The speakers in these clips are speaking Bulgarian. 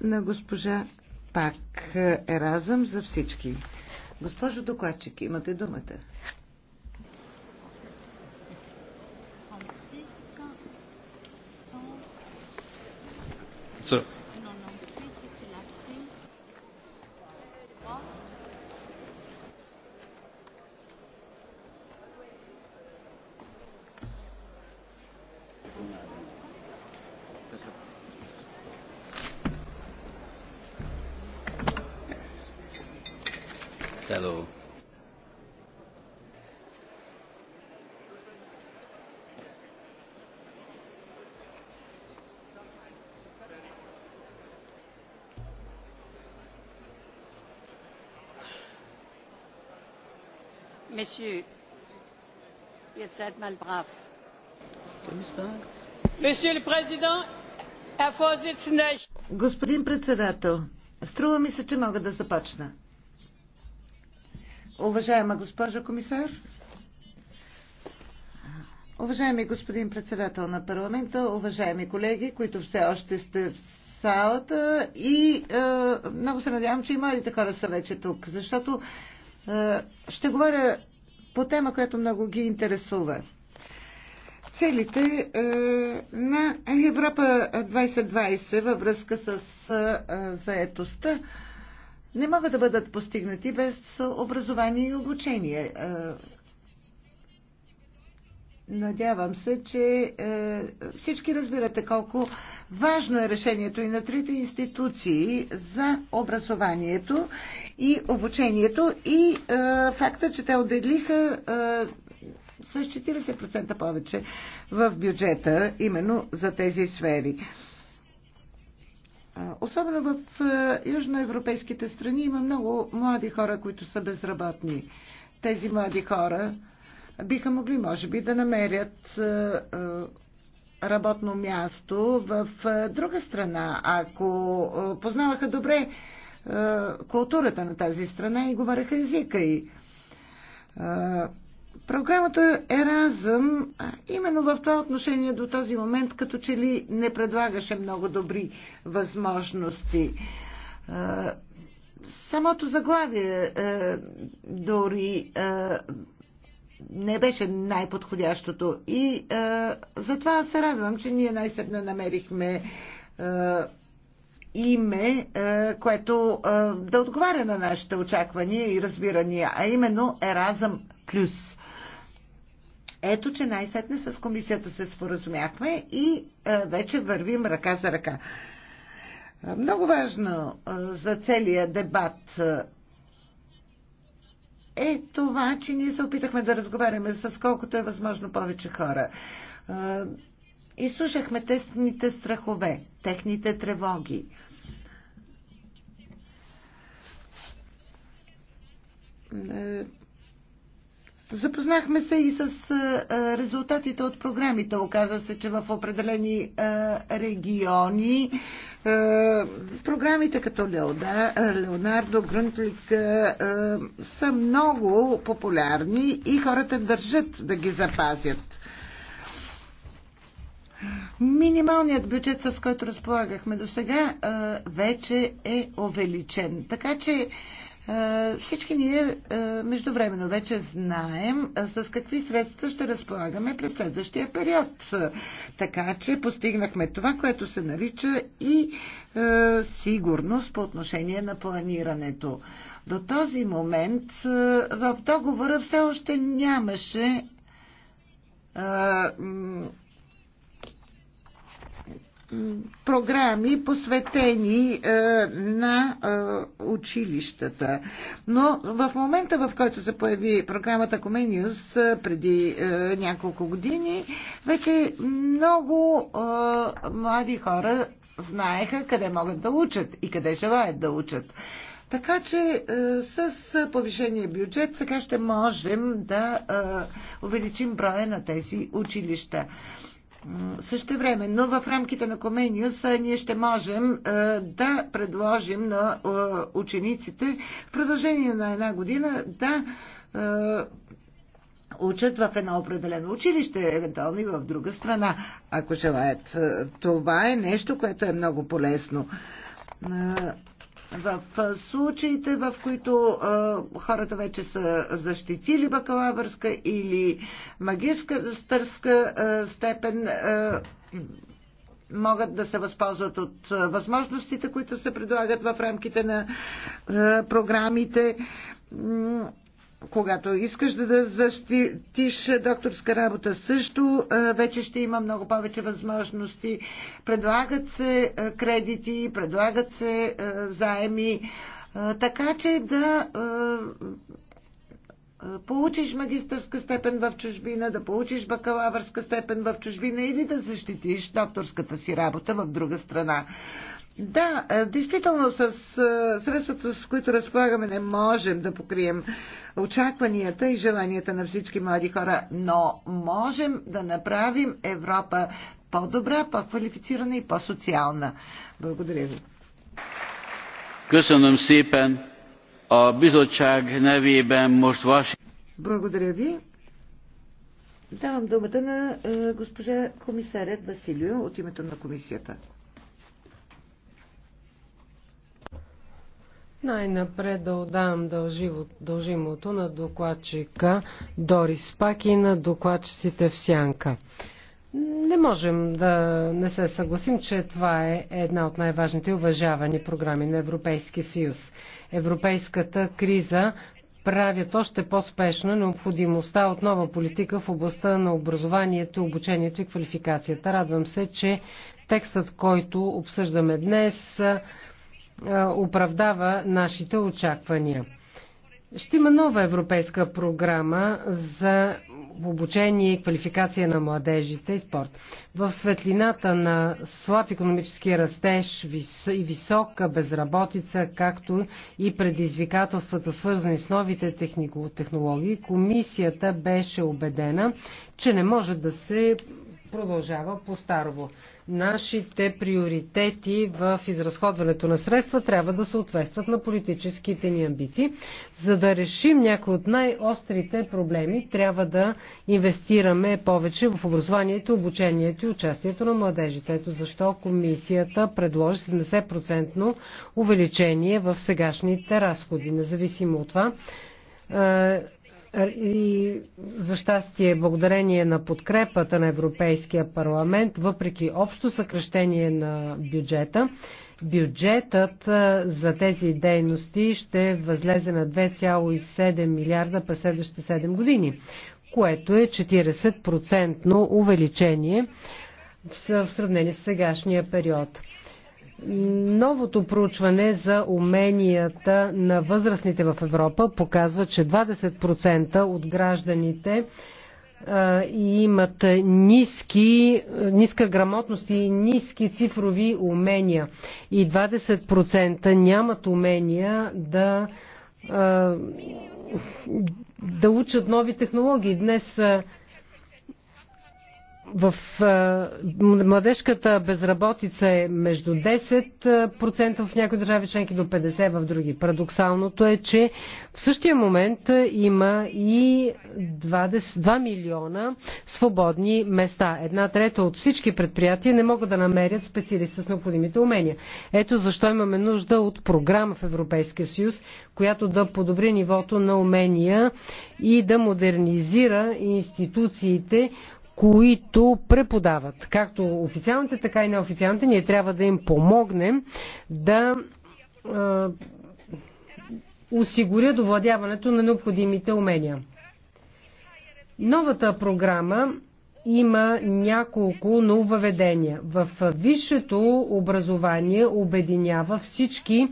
на госпожа Пак Еразъм за всички. Госпожо докладчик, имате думата. So. господин председател струва ми се че мога да започна уважаема госпожо комисар уважаеми господин председател на парламента уважаеми колеги които все още сте в салата и е, много се надявам че и младите хора са вече тук защото е, ще говоря по тема, която много ги интересува. Целите е, на Европа 2020 във връзка с е, заетостта не могат да бъдат постигнати без образование и обучение. Е, Надявам се, че е, всички разбирате колко важно е решението и на трите институции за образованието и обучението и е, факта, че те отделиха е, с 40% повече в бюджета именно за тези сфери. Особено в е, южноевропейските страни има много млади хора, които са безработни. Тези млади хора биха могли, може би, да намерят е, е, работно място в е, друга страна, ако познаваха добре културата на тази страна и говореха езика и Програмата Еразъм именно в това отношение до този момент като че ли не предлагаше много добри възможности. Самото заглавие дори не беше най-подходящото. И а, е, затова се радвам, че ние най-сетне намерихме а, е, име, а, е, което а, да отговаря на нашите очаквания и разбирания, а именно Еразъм Плюс. Ето, че най-сетне с комисията се споразумяхме и а, вече вървим ръка за ръка. Много важно за целият дебат е това, че ние се опитахме да разговаряме с колкото е възможно повече хора. И слушахме тесните страхове, техните тревоги. Е, Запознахме се и с резултатите от програмите. Оказа се, че в определени региони програмите като Леонардо, Грунтлик са много популярни и хората държат да ги запазят. Минималният бюджет, с който разполагахме до сега, вече е увеличен. Така че е, всички ние е, междувременно вече знаем е, с какви средства ще разполагаме през следващия период. Така че постигнахме това, което се нарича и сигурност по отношение на планирането. До този момент в договора все още нямаше програми, посветени е, на е, училищата. Но в момента, в който се появи програмата Comenius е, преди няколко години, вече много млади хора знаеха къде могат да учат и къде желаят да учат. Така че с повишения бюджет сега ще можем да увеличим броя на тези училища. Също време, но в рамките на Комениус ние ще можем да предложим на учениците в продължение на една година да учат в едно определено училище, евентуално и в друга страна, ако желаят. Това е нещо, което е много полезно в случаите, в които хората вече са защитили бакалавърска или магистърска степен, могат да се възползват от възможностите, които се предлагат в рамките на програмите когато искаш да защитиш докторска работа също, вече ще има много повече възможности. Предлагат се кредити, предлагат се заеми, така че да получиш магистърска степен в чужбина, да получиш бакалавърска степен в чужбина или да защитиш докторската си работа в друга страна. Да, е, действително с е, средствата, с които разполагаме, не можем да покрием очакванията и желанията на всички млади хора, но можем да направим Европа по-добра, по-квалифицирана и по-социална. Благодаря ви. Köszönöm szépen. A bizottság nevében most vas... Благодаря ви. Давам думата на е, госпожа комисарят Василио от името на комисията. Най-напред да отдавам дължимото на докладчика Дорис Пак и на докладчиците в Сянка. Не можем да не се съгласим, че това е една от най-важните уважавани програми на Европейския съюз. Европейската криза правят още по-спешно необходимостта от нова политика в областта на образованието, обучението и квалификацията. Радвам се, че текстът, който обсъждаме днес, оправдава нашите очаквания. Ще има нова европейска програма за обучение и квалификация на младежите и спорт. В светлината на слаб економически растеж и висока безработица, както и предизвикателствата свързани с новите технологии, комисията беше убедена, че не може да се продължава по-старово. Нашите приоритети в изразходването на средства трябва да съответстват на политическите ни амбиции. За да решим някои от най-острите проблеми, трябва да инвестираме повече в образованието, обучението и участието на младежите. Ето защо комисията предложи 70% увеличение в сегашните разходи. Независимо от това, е, и за щастие, благодарение на подкрепата на Европейския парламент, въпреки общо съкрещение на бюджета, бюджетът за тези дейности ще възлезе на 2,7 милиарда през следващите 7 години, което е 40% увеличение в сравнение с сегашния период. Новото проучване за уменията на възрастните в Европа показва, че 20% от гражданите и имат ниски, ниска грамотност и ниски цифрови умения. И 20% нямат умения да, да учат нови технологии. Днес в младежката безработица е между 10% в някои държави членки до 50% в други. Парадоксалното е, че в същия момент има и 20, 2 милиона свободни места. Една трета от всички предприятия не могат да намерят специалисти с необходимите умения. Ето защо имаме нужда от програма в Европейския съюз, която да подобри нивото на умения и да модернизира институциите, които преподават, както официалните, така и неофициалните. Ние трябва да им помогнем да осигурят овладяването на необходимите умения. Новата програма има няколко нововведения. В висшето образование обединява всички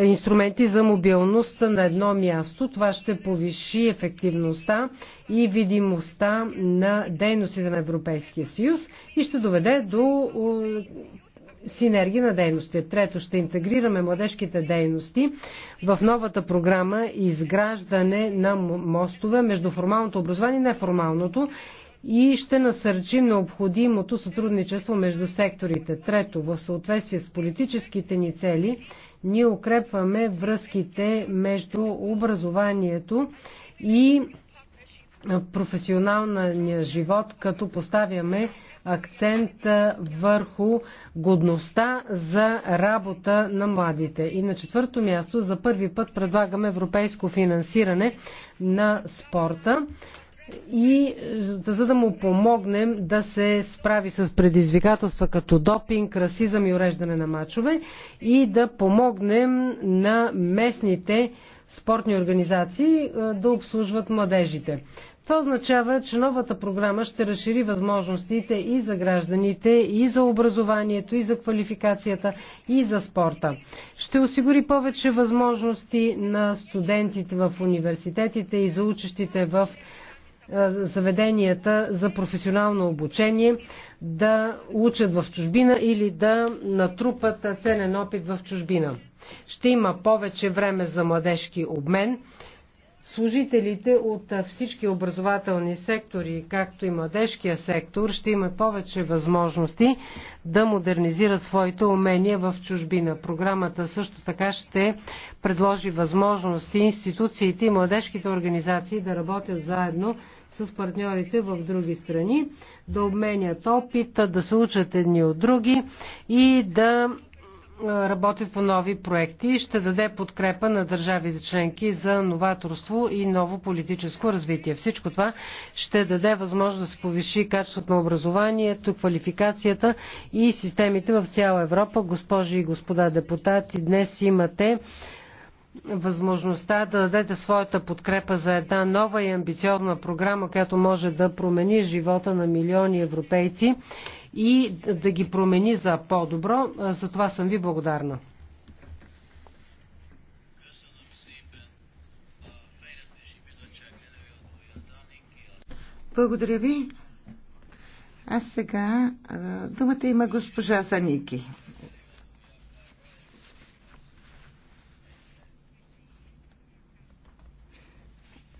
инструменти за мобилност на едно място. Това ще повиши ефективността и видимостта на дейностите на Европейския съюз и ще доведе до синергия на дейности. Трето, ще интегрираме младежките дейности в новата програма изграждане на мостове между формалното образование и неформалното и ще насърчим необходимото сътрудничество между секторите. Трето, в съответствие с политическите ни цели, ние укрепваме връзките между образованието и професионалния живот, като поставяме акцент върху годността за работа на младите. И на четвърто място за първи път предлагаме европейско финансиране на спорта и за да му помогнем да се справи с предизвикателства като допинг, расизъм и уреждане на мачове и да помогнем на местните спортни организации е, да обслужват младежите. Това означава, че новата програма ще разшири възможностите и за гражданите, и за образованието, и за квалификацията, и за спорта. Ще осигури повече възможности на студентите в университетите и за учещите в е, заведенията за професионално обучение да учат в чужбина или да натрупат ценен опит в чужбина. Ще има повече време за младежки обмен служителите от всички образователни сектори, както и младежкия сектор, ще имат повече възможности да модернизират своите умения в чужбина. Програмата също така ще предложи възможности институциите и младежките организации да работят заедно с партньорите в други страни, да обменят опит, да се учат едни от други и да работят по нови проекти и ще даде подкрепа на държавите членки за новаторство и ново политическо развитие. Всичко това ще даде възможност да се повиши качеството на образованието, квалификацията и системите в цяла Европа. Госпожи и господа депутати, днес имате възможността да дадете своята подкрепа за една нова и амбициозна програма, която може да промени живота на милиони европейци и да ги промени за по-добро. За това съм ви благодарна. Благодаря ви. А сега думата има госпожа Саники.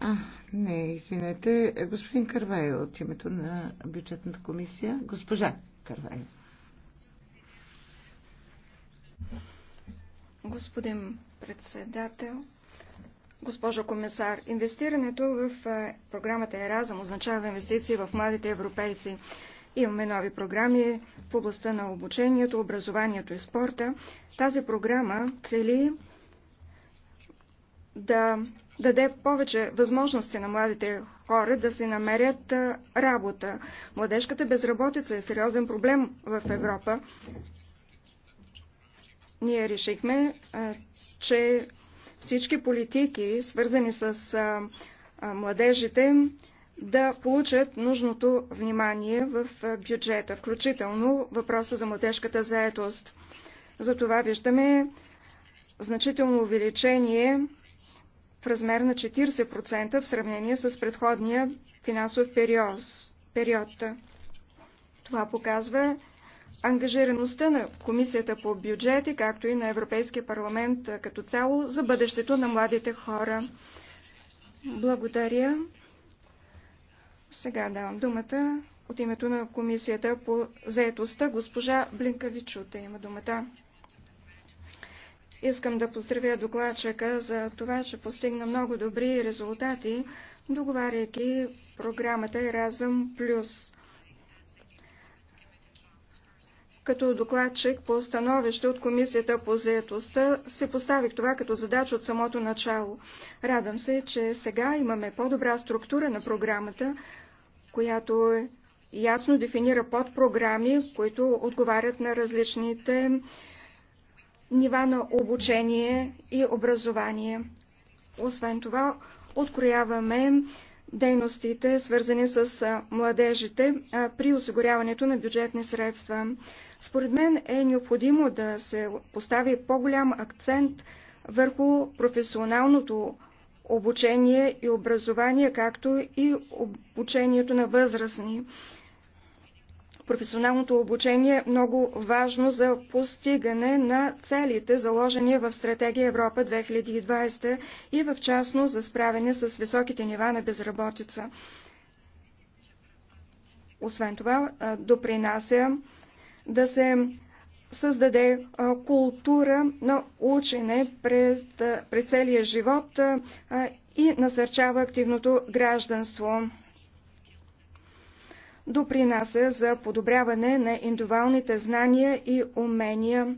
А, не, извинете, господин Карвайо от името на бюджетната комисия. Госпожа Карвайо. Господин председател, госпожо комисар, инвестирането в програмата Еразъм означава инвестиции в младите европейци. Имаме нови програми в областта на обучението, образованието и спорта. Тази програма цели да даде повече възможности на младите хора да си намерят работа. Младежката безработица е сериозен проблем в Европа. Ние решихме, че всички политики, свързани с младежите, да получат нужното внимание в бюджета, включително въпроса за младежката заетост. Затова виждаме значително увеличение в размер на 40% в сравнение с предходния финансов период. период. Това показва ангажираността на Комисията по бюджети, както и на Европейския парламент като цяло за бъдещето на младите хора. Благодаря. Сега давам думата от името на Комисията по заетостта. Госпожа Блинкавичута има думата. Искам да поздравя докладчика за това, че постигна много добри резултати, договаряйки програмата Еразъм Плюс. Като докладчик по становище от Комисията по заетостта се поставих това като задача от самото начало. Радвам се, че сега имаме по-добра структура на програмата, която е ясно дефинира подпрограми, които отговарят на различните нива на обучение и образование. Освен това, открояваме дейностите, свързани с младежите при осигуряването на бюджетни средства. Според мен е необходимо да се постави по-голям акцент върху професионалното обучение и образование, както и обучението на възрастни. Професионалното обучение е много важно за постигане на целите, заложени в Стратегия Европа 2020 и в частно за справяне с високите нива на безработица. Освен това, допринася да се създаде култура на учене през, през целия живот и насърчава активното гражданство допринася за подобряване на индивидуалните знания и умения.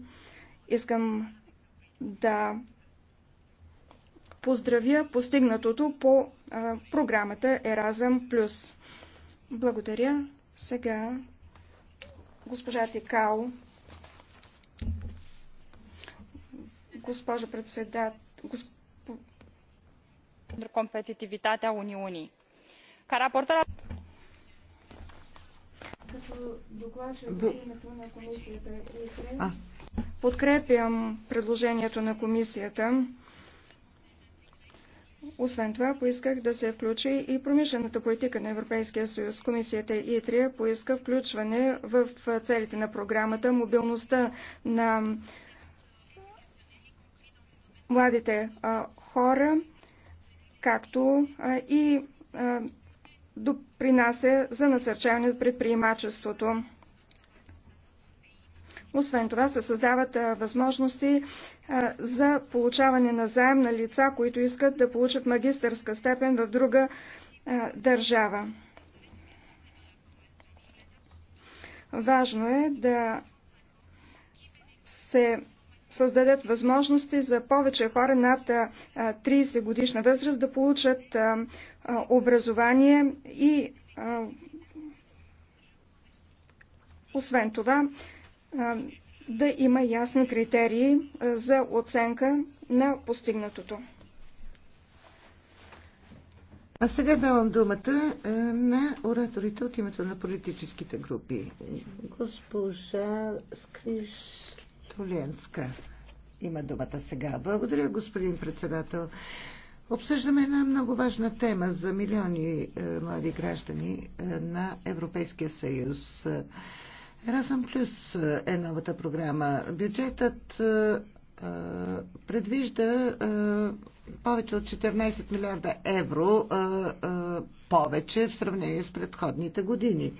Искам да поздравя постигнатото по а, програмата Еразъм Плюс. Благодаря. Сега госпожа Тикао. Госпожа председател. Госп... Competitivitatea Uniunii. Ca raportor името на комисията е а. подкрепям предложението на комисията. Освен това, поисках да се включи и промишлената политика на Европейския съюз. Комисията ИТРИЯ поиска включване в целите на програмата мобилността на младите хора, както и допринася за насърчаване на предприемачеството. Освен това се създават възможности за получаване на заем на лица, които искат да получат магистърска степен в друга държава. Важно е да се създадат възможности за повече хора над 30 годишна възраст да получат образование и освен това да има ясни критерии за оценка на постигнатото. А сега давам думата на ораторите от името на политическите групи. Госпожа Скриш Толиенска има думата сега. Благодаря, господин председател. Обсъждаме една много важна тема за милиони е, млади граждани е, на Европейския съюз. Еразъм Плюс е новата програма. Бюджетът е, е предвижда е, повече от 14 милиарда евро е, е, повече в сравнение с предходните години.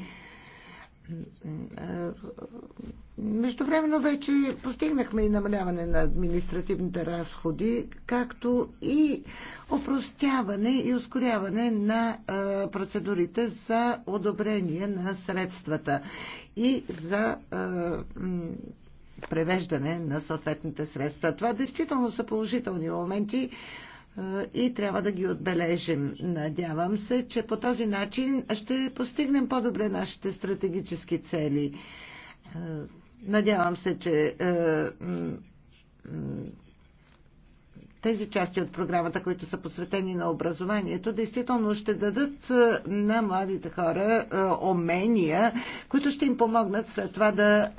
Междувременно вече постигнахме и намаляване на административните разходи, както и опростяване и ускоряване на процедурите за одобрение на средствата и за превеждане на съответните средства. Това действително са положителни моменти, и трябва да ги отбележим. Надявам се, че по този начин ще постигнем по-добре нашите стратегически цели. Е, надявам се, че е, тези части от програмата, които са посветени на образованието, действително ще дадат е, на младите хора умения, които ще им помогнат след това да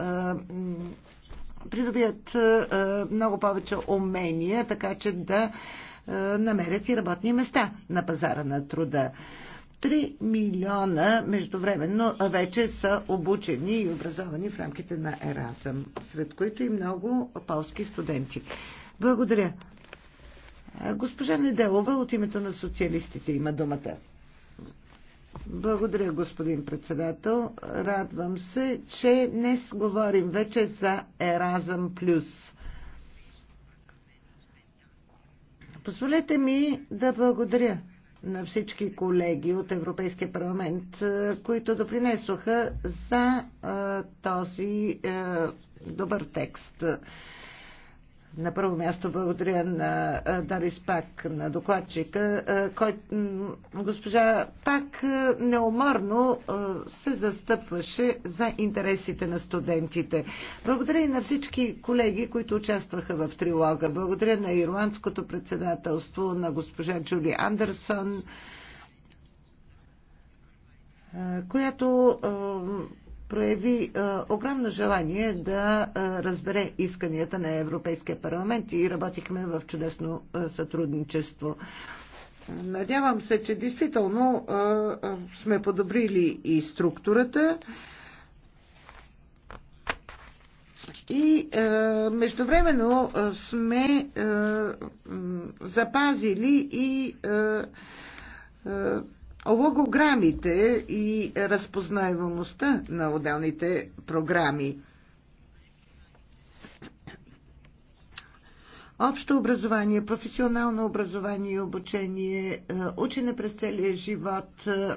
придобият много повече умения, така че да е, намерят и работни места на пазара на труда. 3 милиона междувременно вече са обучени и образовани в рамките на Еразъм, сред които и много полски студенти. Благодаря. Е, госпожа Неделова от името на социалистите има думата. Благодаря, господин председател. Радвам се, че днес говорим вече за Еразъм Плюс. Позволете ми да благодаря на всички колеги от Европейския парламент, е, които допринесоха за е, този е, добър текст. На първо място благодаря на Дарис Пак, на докладчика, който госпожа Пак неуморно се застъпваше за интересите на студентите. Благодаря и на всички колеги, които участваха в трилога. Благодаря на ирландското председателство, на госпожа Джули Андерсон, която прояви а, огромно желание да а, разбере исканията на Европейския парламент и работихме в чудесно а, сътрудничество. Надявам се, че действително а, а, сме подобрили и структурата. И а, междувременно сме а, запазили и а, логограмите и разпознаемостта на отделните програми. Общо образование, професионално образование и обучение, е, учене през целия живот, е,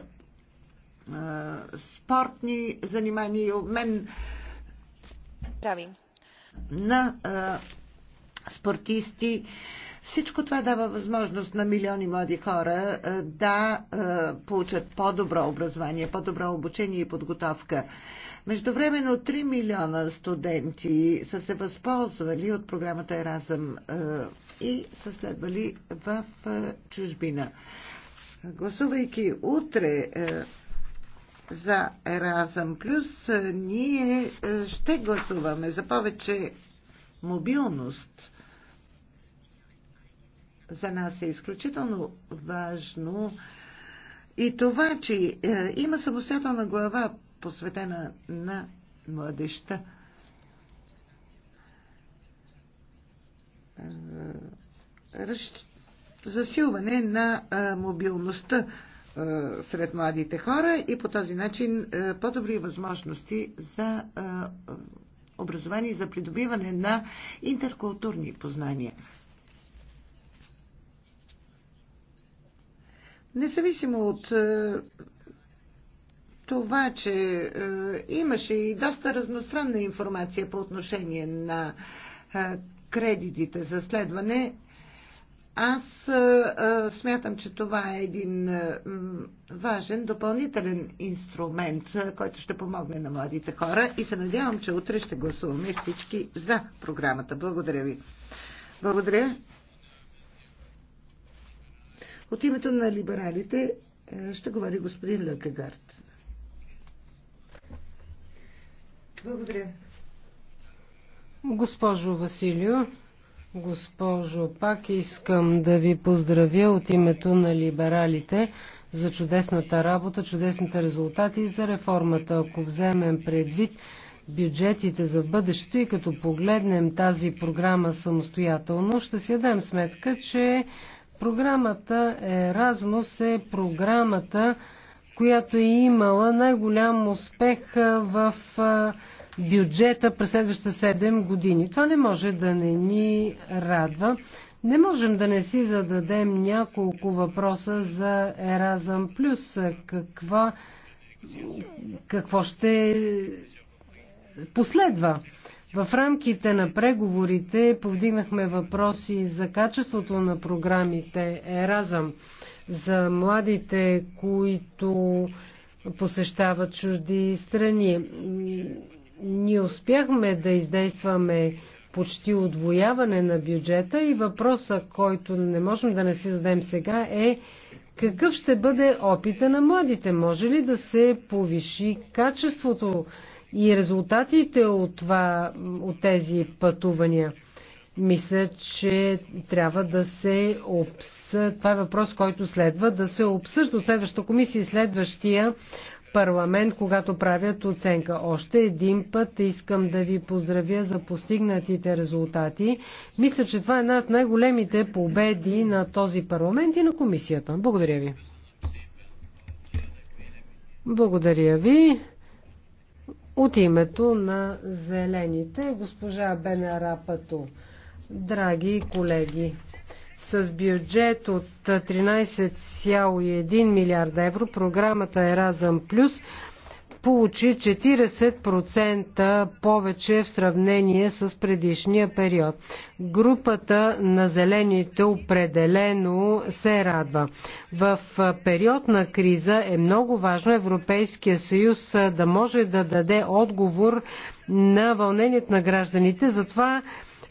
спортни занимания и обмен Правим. на е, спортисти. Всичко това дава възможност на милиони млади хора да получат по-добро образование, по-добро обучение и подготовка. Междувременно 3 милиона студенти са се възползвали от програмата Еразъм и са следвали в чужбина. Гласувайки утре за Еразъм Плюс, ние ще гласуваме за повече мобилност за нас е изключително важно и това, че е, има самостоятелна глава, посветена на младеща. Е, засилване на е, мобилността е, сред младите хора и по този начин по-добри възможности за образование и за придобиване на интеркултурни познания. Независимо от е, това, че е, имаше и доста разностранна информация по отношение на е, кредитите за следване, аз смятам, че това е един важен допълнителен инструмент, който ще помогне на младите хора и се надявам, че утре ще гласуваме всички за програмата. Благодаря ви. Благодаря. От името на либералите е, ще говори господин Лъкегард. Благодаря. Госпожо Василио, госпожо, пак искам да ви поздравя от името на либералите за чудесната работа, чудесните резултати и за реформата. Ако вземем предвид бюджетите за бъдещето и като погледнем тази програма самостоятелно, ще си дадем сметка, че Програмата Еразмус е програмата, която е имала най-голям успех в бюджета през следващите 7 години. Това не може да не ни радва. Не можем да не си зададем няколко въпроса за Еразъм Плюс. какво ще последва? В рамките на преговорите повдигнахме въпроси за качеството на програмите Еразъм, за младите, които посещават чужди страни. Ние успяхме да издействаме почти отвояване на бюджета и въпроса, който не можем да не си зададем сега е какъв ще бъде опита на младите? Може ли да се повиши качеството и резултатите от, това, от тези пътувания. Мисля, че трябва да се обсъжда. Това е въпрос, който следва да се обсъжда от следващата комисия и следващия парламент, когато правят оценка. Още един път искам да ви поздравя за постигнатите резултати. Мисля, че това е една от най-големите победи на този парламент и на комисията. Благодаря ви. Благодаря ви. От името на зелените, госпожа Бена Рапато, драги колеги, с бюджет от 13,1 милиарда евро програмата Еразъм Плюс получи 40% повече в сравнение с предишния период. Групата на зелените определено се радва. В период на криза е много важно Европейския съюз да може да даде отговор на вълнението на гражданите. Затова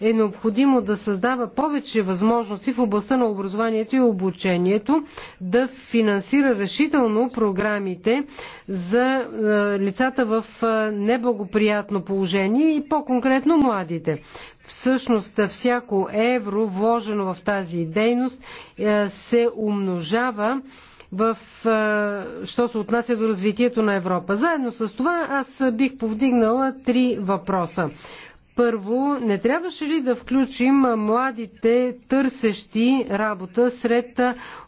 е необходимо да създава повече възможности в областта на образованието и обучението, да финансира решително програмите за е, лицата в е, неблагоприятно положение и по-конкретно младите. Всъщност всяко евро, вложено в тази дейност, е, се умножава в, що се отнася до развитието на Европа. Заедно с това аз бих повдигнала три въпроса. Първо, не трябваше ли да включим младите търсещи работа сред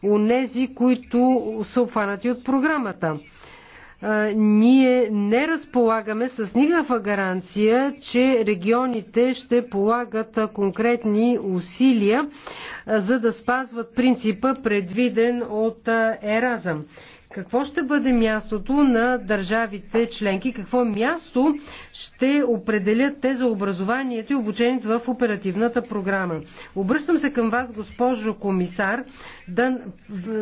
онези, които са обхванати от програмата? ние не разполагаме с никаква гаранция, че регионите ще полагат конкретни усилия, за да спазват принципа предвиден от Еразъм. Какво ще бъде мястото на държавите членки? Какво място ще определят те за образованието и обучението в оперативната програма? Обръщам се към вас, госпожо комисар, да,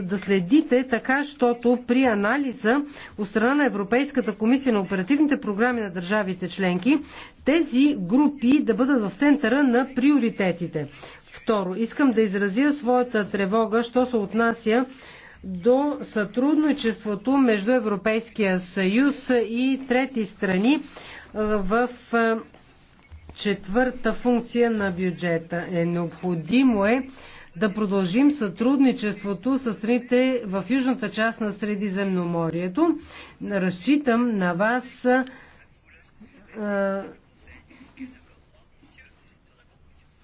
да следите така, защото при анализа от страна на Европейската комисия на оперативните програми на държавите членки, тези групи да бъдат в центъра на приоритетите. Второ, искам да изразя своята тревога, що се отнася до сътрудничеството между Европейския съюз и трети страни е, в е, четвърта функция на бюджета. Е необходимо е да продължим сътрудничеството с страните в южната част на Средиземноморието. Разчитам на вас е,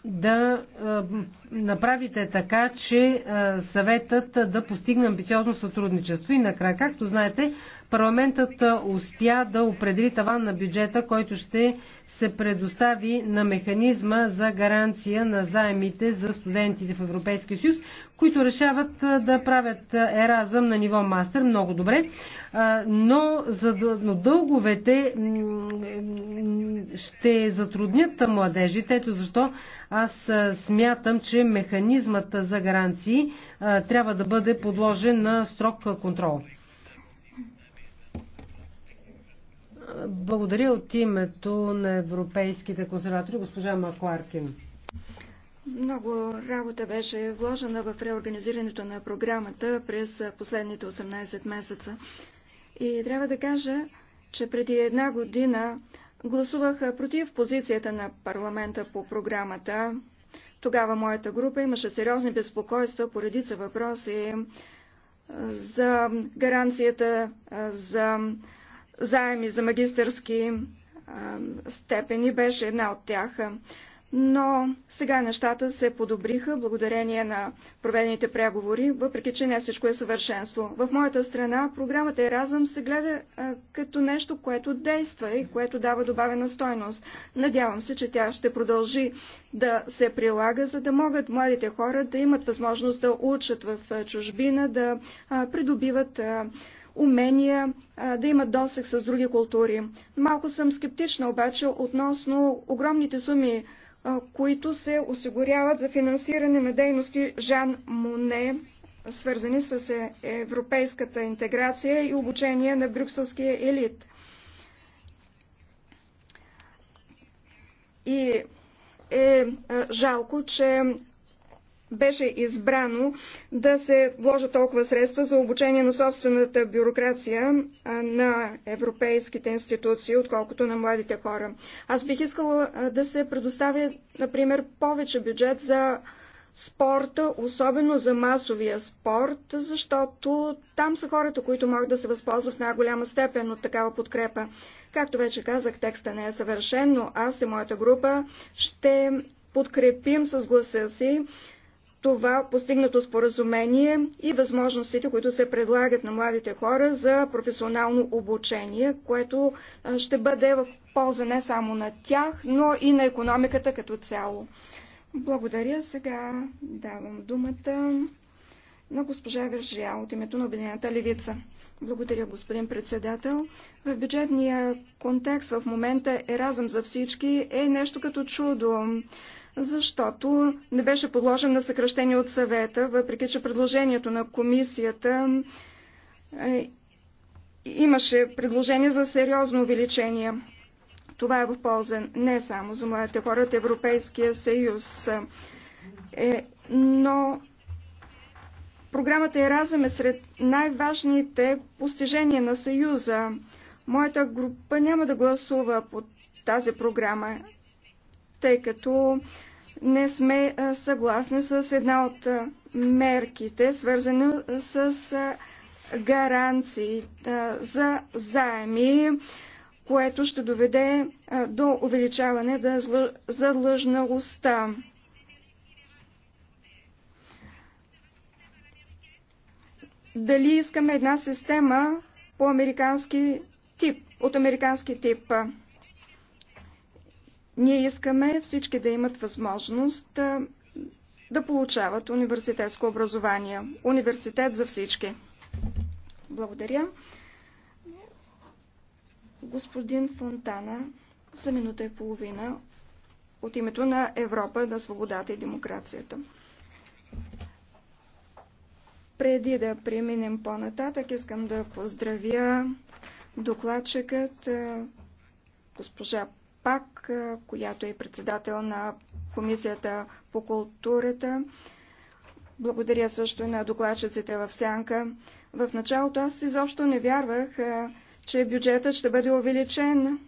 да направите така, че съветът да постигне амбициозно сътрудничество. И накрая, както знаете, Парламентът успя да определи таван на бюджета, който ще се предостави на механизма за гаранция на заемите за студентите в Европейския съюз, които решават да правят еразъм на ниво мастер много добре, но, но дълговете ще затруднят младежите. Ето защо аз смятам, че механизмата за гаранции трябва да бъде подложен на строг контрол. Благодаря от името на европейските консерватори, госпожа Макларкин. Много работа беше вложена в реорганизирането на програмата през последните 18 месеца. И трябва да кажа, че преди една година гласувах против позицията на парламента по програмата. Тогава моята група имаше сериозни безпокойства по редица въпроси за гаранцията за заеми за магистърски степени беше една от тях. Но сега нещата се подобриха благодарение на проведените преговори, въпреки че не всичко е съвършенство. В моята страна програмата Еразъм се гледа а, като нещо, което действа и което дава добавена стойност. Надявам се, че тя ще продължи да се прилага, за да могат младите хора да имат възможност да учат в чужбина, да а, придобиват. А, умения, да имат досек с други култури. Малко съм скептична обаче относно огромните суми, които се осигуряват за финансиране на дейности Жан Моне, свързани с е, европейската интеграция и обучение на брюкселския елит. И е, е жалко, че беше избрано да се вложат толкова средства за обучение на собствената бюрокрация на европейските институции, отколкото на младите хора. Аз бих искала да се предоставя, например, повече бюджет за спорта, особено за масовия спорт, защото там са хората, които могат да се възползват в най-голяма степен от такава подкрепа. Както вече казах, текста не е съвършен, но аз и моята група ще подкрепим с гласа си това постигнато споразумение и възможностите, които се предлагат на младите хора за професионално обучение, което ще бъде в полза не само на тях, но и на економиката като цяло. Благодаря. Сега давам думата на госпожа Вержия от името на Обединената левица. Благодаря, господин председател. В бюджетния контекст в момента е разъм за всички е нещо като чудо защото не беше подложен на съкръщение от съвета, въпреки че предложението на комисията е, имаше предложение за сериозно увеличение. Това е в полза не само за младите хора от Европейския съюз, е, но програмата Еразъм е сред най-важните постижения на съюза. Моята група няма да гласува по тази програма тъй като не сме съгласни с една от мерките, свързани с гаранции за заеми, което ще доведе до увеличаване на задлъжналостта. Дали искаме една система по американски тип, от американски тип? Ние искаме всички да имат възможност да получават университетско образование. Университет за всички. Благодаря. Господин Фонтана, за минута и половина от името на Европа на свободата и демокрацията. Преди да преминем по-нататък, искам да поздравя докладчикът госпожа пак, която е председател на Комисията по културата. Благодаря също на докладчиците в Сянка. В началото аз изобщо не вярвах, че бюджетът ще бъде увеличен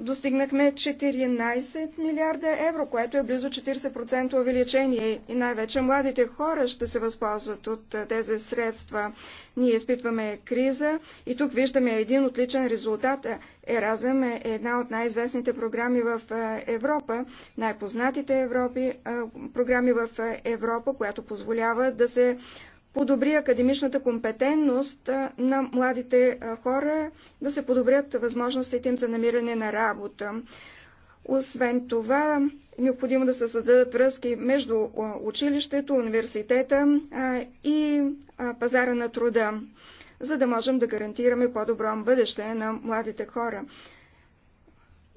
достигнахме 14 милиарда евро, което е близо 40% увеличение и най-вече младите хора ще се възползват от тези средства. Ние изпитваме криза и тук виждаме един отличен резултат. Еразъм е една от най-известните програми в Европа, най-познатите програми в Европа, която позволява да се подобри академичната компетентност на младите хора, да се подобрят възможностите им за намиране на работа. Освен това, необходимо да се създадат връзки между училището, университета и пазара на труда, за да можем да гарантираме по-добро бъдеще на младите хора.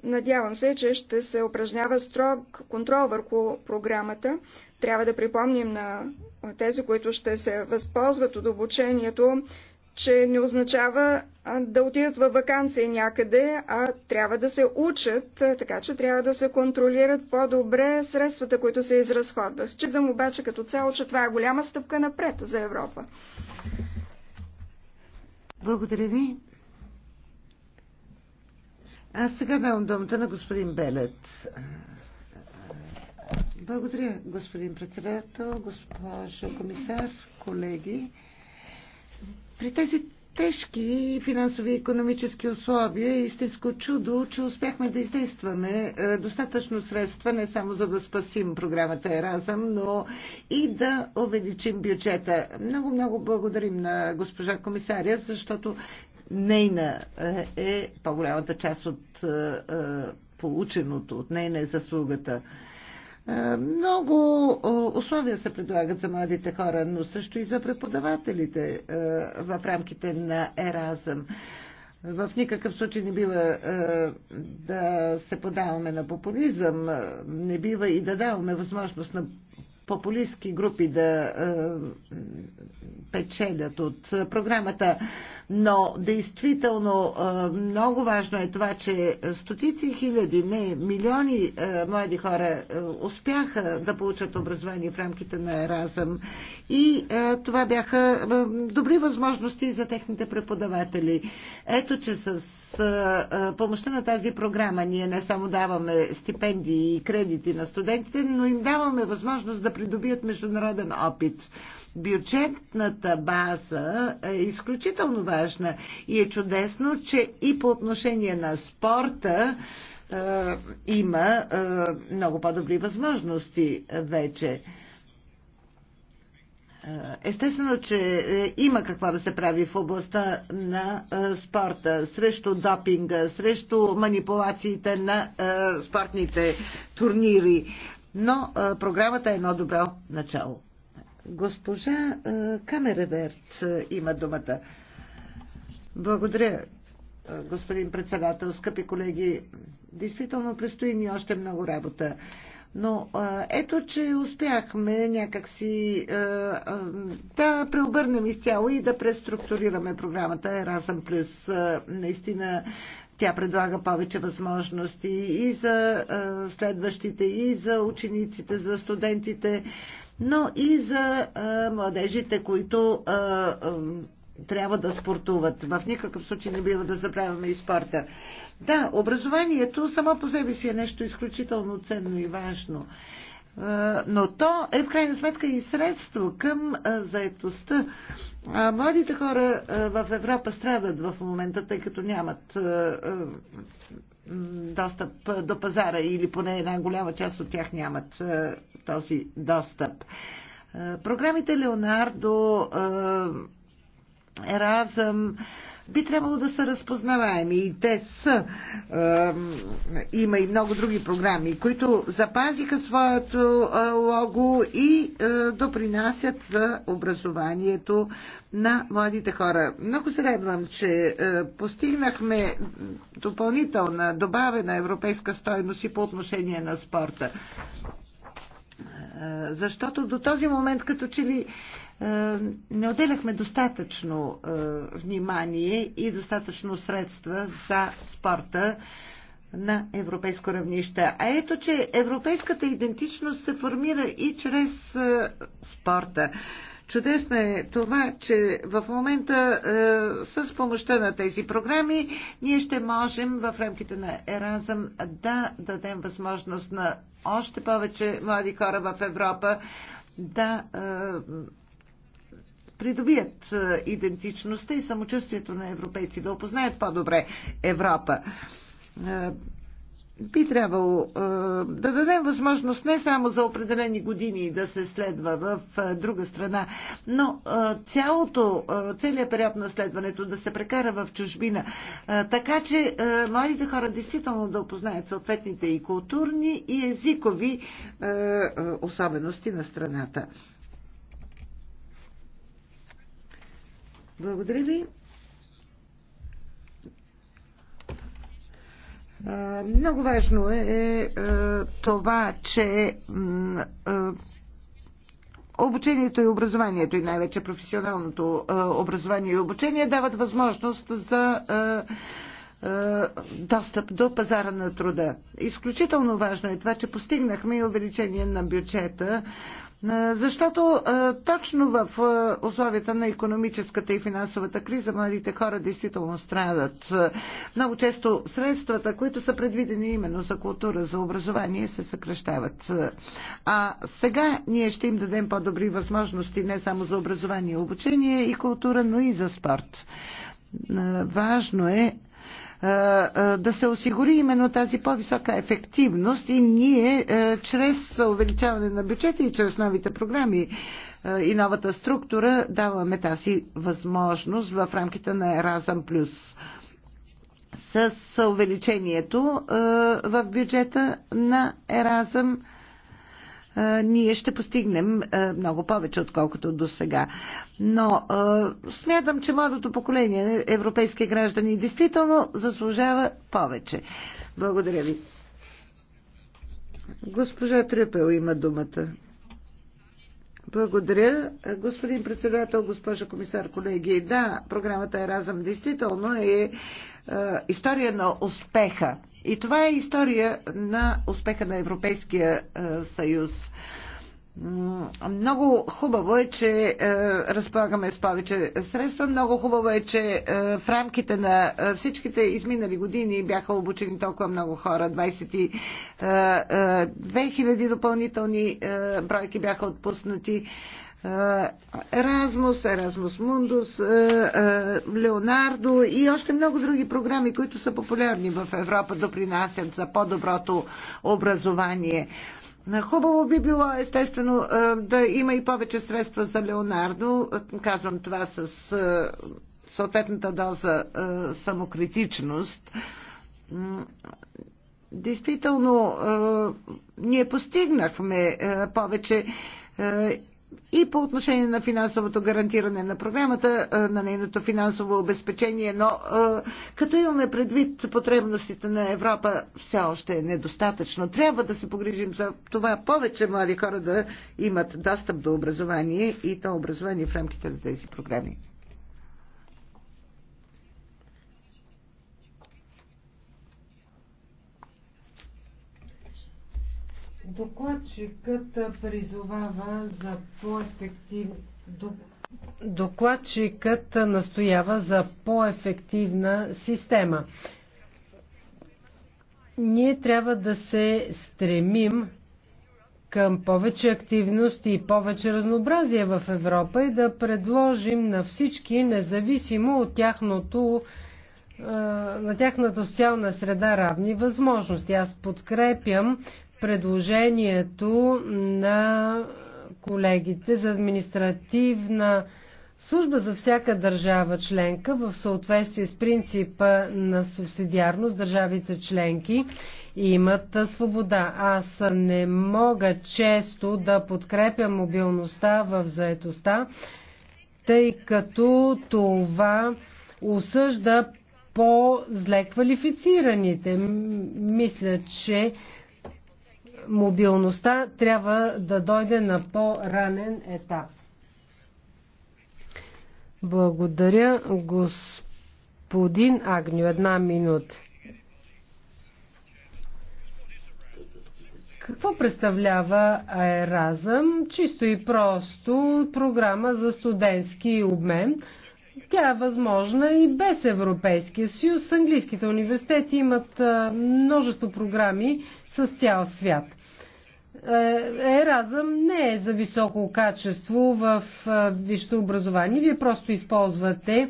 Надявам се, че ще се упражнява строг контрол върху програмата. Трябва да припомним на тези, които ще се възползват от обучението, че не означава да отидат във вакансия някъде, а трябва да се учат, така че трябва да се контролират по-добре средствата, които се изразходват. Считам обаче като цяло, че това е голяма стъпка напред за Европа. Благодаря ви. Аз сега давам думата на господин Белет. Благодаря, господин председател, госпожо комисар, колеги. При тези тежки финансови и економически условия е истинско чудо, че успяхме да издействаме е, достатъчно средства, не само за да спасим програмата Еразъм, но и да увеличим бюджета. Много-много благодарим на госпожа комисаря, защото Нейна е, е по-голямата част от е, е, полученото, от нейна е заслугата. Много условия се предлагат за младите хора, но също и за преподавателите в рамките на Еразъм. В никакъв случай не бива да се подаваме на популизъм, не бива и да даваме възможност на популистски групи да печелят от програмата но действително много важно е това, че стотици хиляди, не милиони млади хора успяха да получат образование в рамките на Еразъм. И това бяха добри възможности за техните преподаватели. Ето, че с помощта на тази програма ние не само даваме стипендии и кредити на студентите, но им даваме възможност да придобият международен опит бюджетната база е изключително важна и е чудесно, че и по отношение на спорта е, има е, много по-добри възможности вече. Е, естествено, че е, има какво да се прави в областта на е, спорта, срещу допинга, срещу манипулациите на спортните турнири, но програмата е едно добро начало. Госпожа е, Камереверт е, има думата. Благодаря, е, господин председател, скъпи колеги. Действително предстои ни още много работа. Но ето, че успяхме някакси да преобърнем изцяло и да преструктурираме програмата Еразъм Плюс. Наистина тя предлага повече възможности и за следващите, и за учениците, за студентите но и за младежите, които трябва да спортуват. В никакъв случай не бива да забравяме и спорта. Да, образованието само по себе си е нещо изключително ценно и важно. Но то е в крайна сметка и средство към заетостта. Младите хора в Европа страдат в момента, тъй като нямат достъп до пазара или поне една голяма част от тях нямат е, този достъп. Е, програмите Леонардо, е, Еразъм, би трябвало да са разпознаваеми и те са. Е, има и много други програми, които запазиха своето е, лого и е, допринасят за образованието на младите хора. Много се радвам, че е, постигнахме допълнителна, добавена европейска стойност и по отношение на спорта защото до този момент като че ли е, не отделяхме достатъчно е, внимание и достатъчно средства за спорта на европейско равнище. А ето, че европейската идентичност се формира и чрез е, спорта. Чудесно е това, че в момента е, с помощта на тези програми ние ще можем в рамките на Еразъм да дадем възможност на още повече млади хора в Европа да е, придобият е, идентичността и самочувствието на европейци, да опознаят по-добре Европа е, би трябвало е, да дадем възможност не само за определени години да се следва в е, друга страна, но е, цялото, е, целият период на следването да се прекара в чужбина, е, така че е, младите хора действително да опознаят съответните и културни, и езикови е, е, особености на страната. Благодаря ви. Много важно е, е, е това, че е, обучението и образованието и най-вече професионалното образование и обучение дават възможност за достъп до пазара на труда. Изключително важно е това, че постигнахме и увеличение на бюджета защото точно в условията на економическата и финансовата криза младите хора действително страдат. Много често средствата, които са предвидени именно за култура, за образование, се съкръщават. А сега ние ще им дадем по-добри възможности не само за образование, обучение и култура, но и за спорт. Важно е да се осигури именно тази по-висока ефективност и ние чрез увеличаване на бюджета и чрез новите програми и новата структура даваме тази възможност в рамките на Еразъм Плюс с увеличението в бюджета на Еразъм ние ще постигнем много повече, отколкото до сега. Но смятам, че младото поколение европейски граждани действително заслужава повече. Благодаря ви. Госпожа Трюпел има думата. Благодаря, господин председател, госпожа комисар, колеги. Да, програмата Еразъм действително е, е история на успеха и това е история на успеха на Европейския е, съюз. Много хубаво е, че е, разполагаме с повече средства. Много хубаво е, че е, в рамките на е, всичките изминали години бяха обучени толкова много хора. 22 е, е, допълнителни е, бройки бяха отпуснати. Е, Еразмус, Еразмус Мундус, е, е, Леонардо и още много други програми, които са популярни в Европа, допринасят за по-доброто образование. Хубаво би било, естествено, е, да има и повече средства за Леонардо. Казвам това с съответната доза самокритичност. Действително, ние постигнахме повече и по отношение на финансовото гарантиране на програмата, на нейното финансово обезпечение, но като имаме предвид потребностите на Европа, все още е недостатъчно. Трябва да се погрижим за това повече млади хора да имат достъп до образование и то образование в рамките на тези програми. Докладчикът призовава за по-ефективно Докладчикът настоява за по-ефективна система. Ние трябва да се стремим към повече активност и повече разнообразие в Европа и да предложим на всички, независимо от тяхното, е, на тяхната социална среда, равни възможности. Аз подкрепям предложението на колегите за административна служба за всяка държава членка в съответствие с принципа на субсидиарност държавите членки имат свобода. Аз не мога често да подкрепя мобилността в заетостта, тъй като това осъжда по-зле квалифицираните. Мисля, че мобилността трябва да дойде на по-ранен етап. Благодаря, господин Агню. Една минута. Какво представлява Еразъм? Чисто и просто програма за студентски обмен. Тя е възможна и без Европейския съюз. Английските университети имат множество програми, с цял свят. Е, Еразъм не е за високо качество в е, висшето образование. Вие просто използвате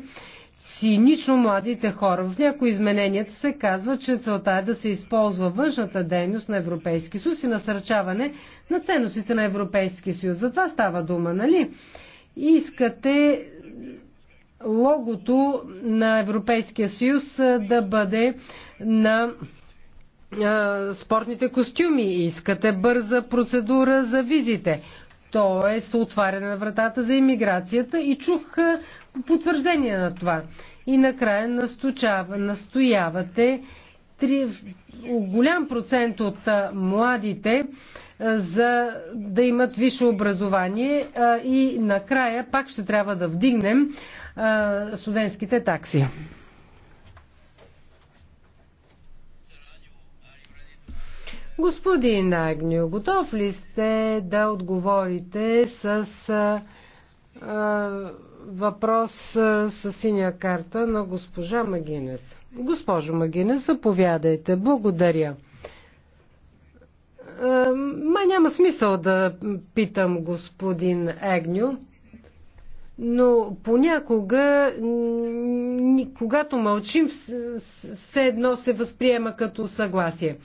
цинично младите хора. В някои измененията се казва, че целта е да се използва външната дейност на Европейски съюз и насърчаване на ценностите на Европейски съюз. За това става дума, нали? Искате логото на Европейския съюз е, да бъде на спортните костюми, искате бърза процедура за визите, Тоест, отваряне на вратата за иммиграцията и чух потвърждение на това. И накрая настоявате три, голям процент от младите за да имат висше образование и накрая пак ще трябва да вдигнем студентските такси. Господин Агню, готов ли сте да отговорите с а, а, въпрос с синя карта на госпожа Магинес? Госпожо Магинес, заповядайте. Благодаря. А, май няма смисъл да питам господин Агню. Но понякога, когато мълчим, все едно се възприема като съгласие.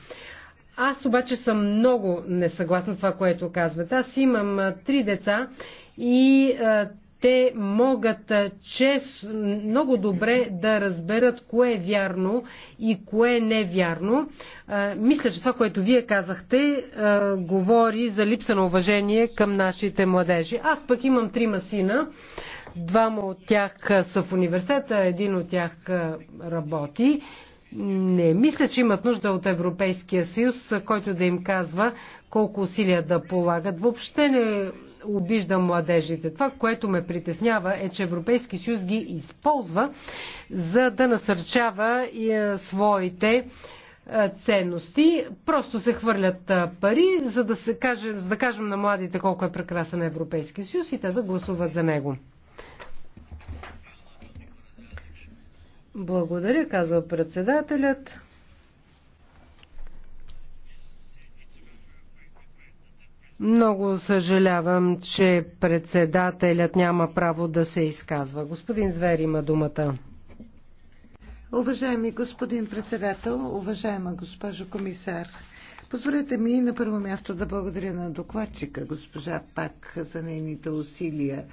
Аз обаче съм много несъгласна с това, което казват. Аз имам три деца и те могат чест, много добре да разберат кое е вярно и кое е невярно. Мисля, че това, което вие казахте, говори за липса на уважение към нашите младежи. Аз пък имам трима сина. Двама от тях са в университета, един от тях работи не мисля, че имат нужда от Европейския съюз, който да им казва колко усилия да полагат. Въобще не обиждам младежите. Това, което ме притеснява е, че Европейски съюз ги използва за да насърчава е, своите е, ценности. Просто се хвърлят е, пари, за да, се кажем, за да кажем на младите колко е прекрасен Европейски съюз и те да гласуват за него. Благодаря, казва председателят. Много съжалявам, че председателят няма право да се изказва. Господин Звер има думата. Уважаеми господин председател, уважаема госпожо комисар, позволете ми на първо място да благодаря на докладчика, госпожа Пак, за нейните усилия.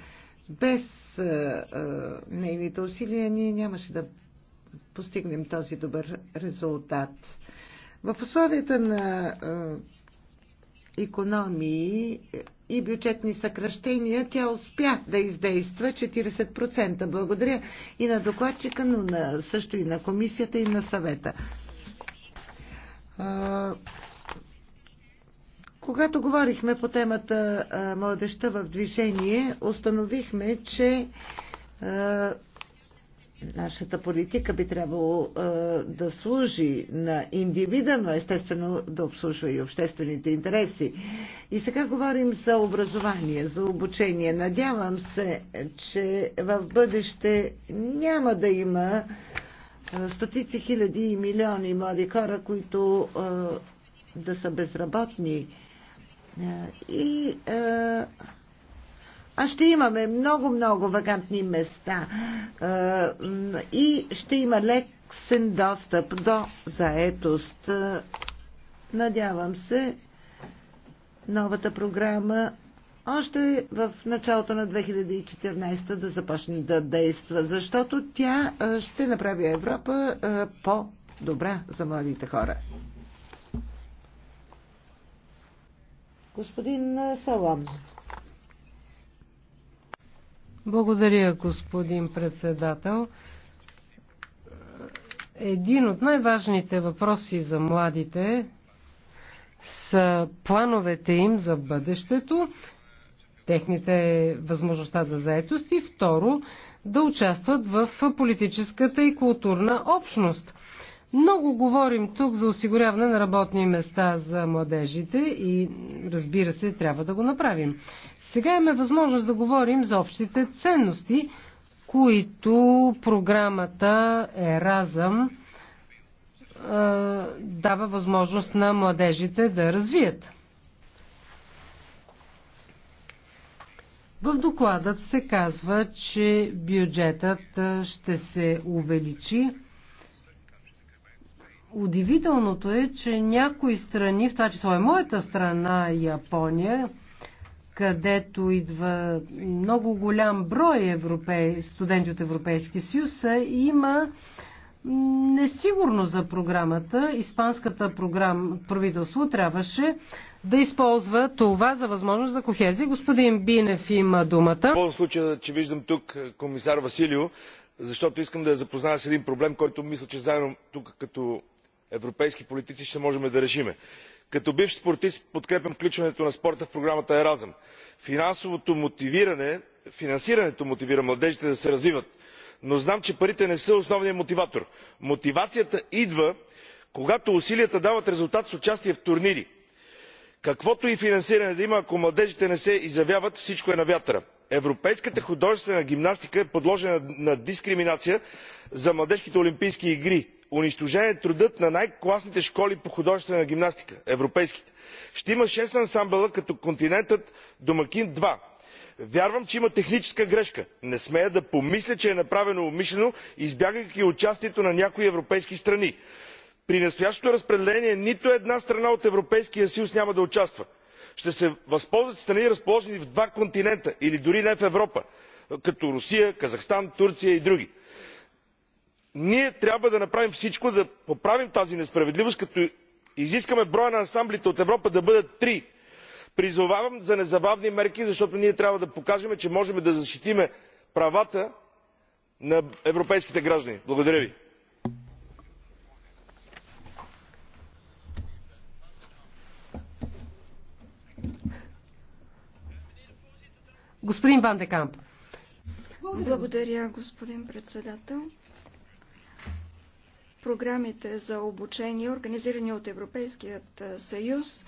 Без а, е, а, е, нейните усилия ние нямаше да постигнем този добър резултат. В условията на економии и бюджетни съкръщения, тя успя да издейства 40%. Благодаря и на докладчика, но на, също и на комисията и на съвета. Когато говорихме по темата младеща в движение, установихме, че Нашата политика би трябвало е, да служи на индивида, но естествено да обслужва и обществените интереси. И сега говорим за образование, за обучение. Надявам се, че в бъдеще няма да има е, стотици хиляди и милиони млади хора, които е, да са безработни. и а ще имаме много-много вакантни места и ще има лексен достъп до заетост. Надявам се, новата програма още в началото на 2014 да започне да действа, защото тя ще направи Европа по-добра за младите хора. Господин Салам. Благодаря, господин председател. Един от най-важните въпроси за младите са плановете им за бъдещето, техните възможността за заетост и второ да участват в политическата и културна общност. Много говорим тук за осигуряване на работни места за младежите и разбира се, трябва да го направим. Сега имаме възможност да говорим за общите ценности, които програмата Еразъм е, дава възможност на младежите да развият. В докладът се казва, че бюджетът ще се увеличи Удивителното е, че някои страни, в това число е моята страна Япония, където идва много голям брой европей, студенти от Европейски съюз, има несигурност за програмата. Испанската програма, правителство трябваше да използва това за възможност за кохезия. Господин Бинев има думата. В случая, че виждам тук комисар Василио, защото искам да я запозная с един проблем, който мисля, че заедно тук като европейски политици ще можем да решим. като бивш спортист подкрепям включването на спорта в програмата еразъм. финансирането мотивира младежите да се развиват но знам че парите не са основният мотиватор. мотивацията идва когато усилията дават резултат с участие в турнири. каквото и финансиране да има ако младежите не се изявяват всичко е на вятъра. европейската художествена гимнастика е подложена на дискриминация за младежките олимпийски игри унищожен е трудът на най класните школи по художествена гимнастика европейските. ще има шест ансамбъла като континентът домакин два. вярвам че има техническа грешка не смея да помисля че е направено умишлено избягвайки участието на някои европейски страни. при настоящото разпределение нито една страна от европейския съюз няма да участва. ще се възползват страни разположени в два континента или дори не в европа като русия казахстан турция и други ние трябва да направим всичко да поправим тази несправедливост като изискаме броят на ансамблите от европа да бъде три. призовавам за незабавни мерки защото ние трябва да покажем че можем да защитим правата на европейските граждани. благодаря ви. Господин Ван де Камп. Благодаря, господин председател програмите за обучение, организирани от Европейският съюз,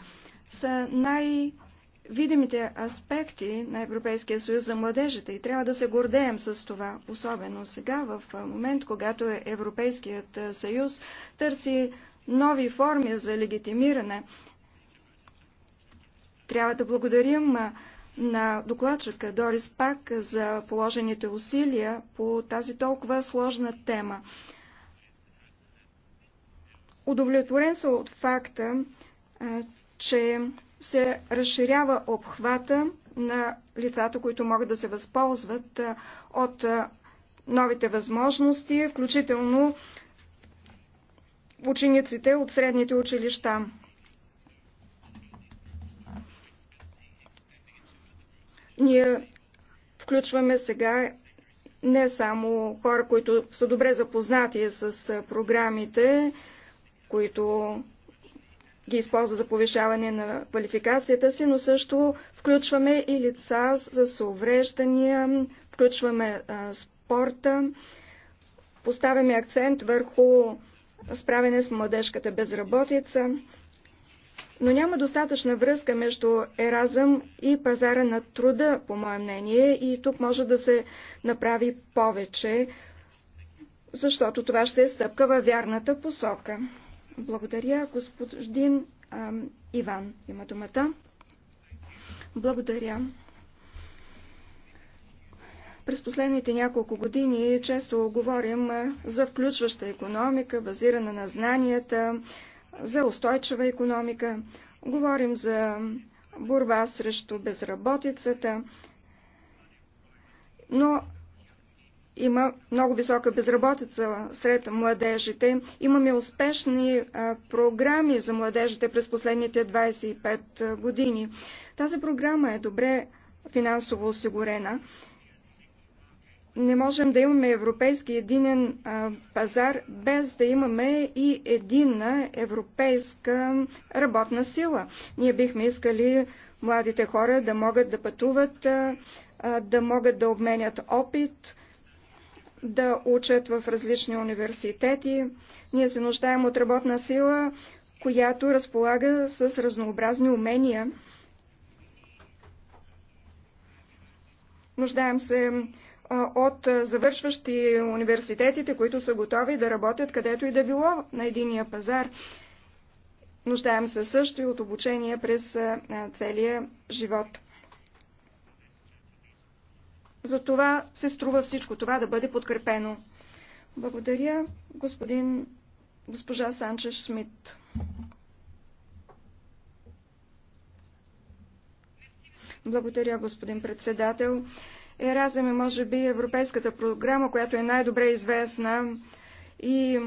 са най-видимите аспекти на Европейския съюз за младежите и трябва да се гордеем с това, особено сега, в момент, когато е Европейският съюз търси нови форми за легитимиране. Трябва да благодарим на докладчика Дорис Пак за положените усилия по тази толкова сложна тема. Удовлетворен са от факта, че се разширява обхвата на лицата, които могат да се възползват от новите възможности, включително учениците от средните училища. Ние включваме сега не само хора, които са добре запознати с програмите, които ги използва за повишаване на квалификацията си, но също включваме и лица с увреждания, включваме а, спорта, поставяме акцент върху справяне с младежката безработица, но няма достатъчна връзка между еразъм и пазара на труда, по мое мнение, и тук може да се направи повече, защото това ще е стъпка във вярната посока. Благодаря, господин а, Иван. Има думата. Благодаря. През последните няколко години често говорим за включваща економика, базирана на знанията, за устойчива економика. Говорим за борба срещу безработицата, но има много висока безработица сред младежите. Имаме успешни а, програми за младежите през последните 25 години. Тази програма е добре финансово осигурена. Не можем да имаме европейски единен а, пазар без да имаме и единна европейска работна сила. Ние бихме искали младите хора да могат да пътуват, а, да могат да обменят опит, да учат в различни университети. Ние се нуждаем от работна сила, която разполага с разнообразни умения. Нуждаем се от завършващи университетите, които са готови да работят където и да било на единия пазар. Нуждаем се също и от обучение през целия живот. За това се струва всичко това да бъде подкрепено. Благодаря, господин, госпожа Санчеш Смит. Благодаря, господин председател. Еразъм е, може би, европейската програма, която е най-добре известна. И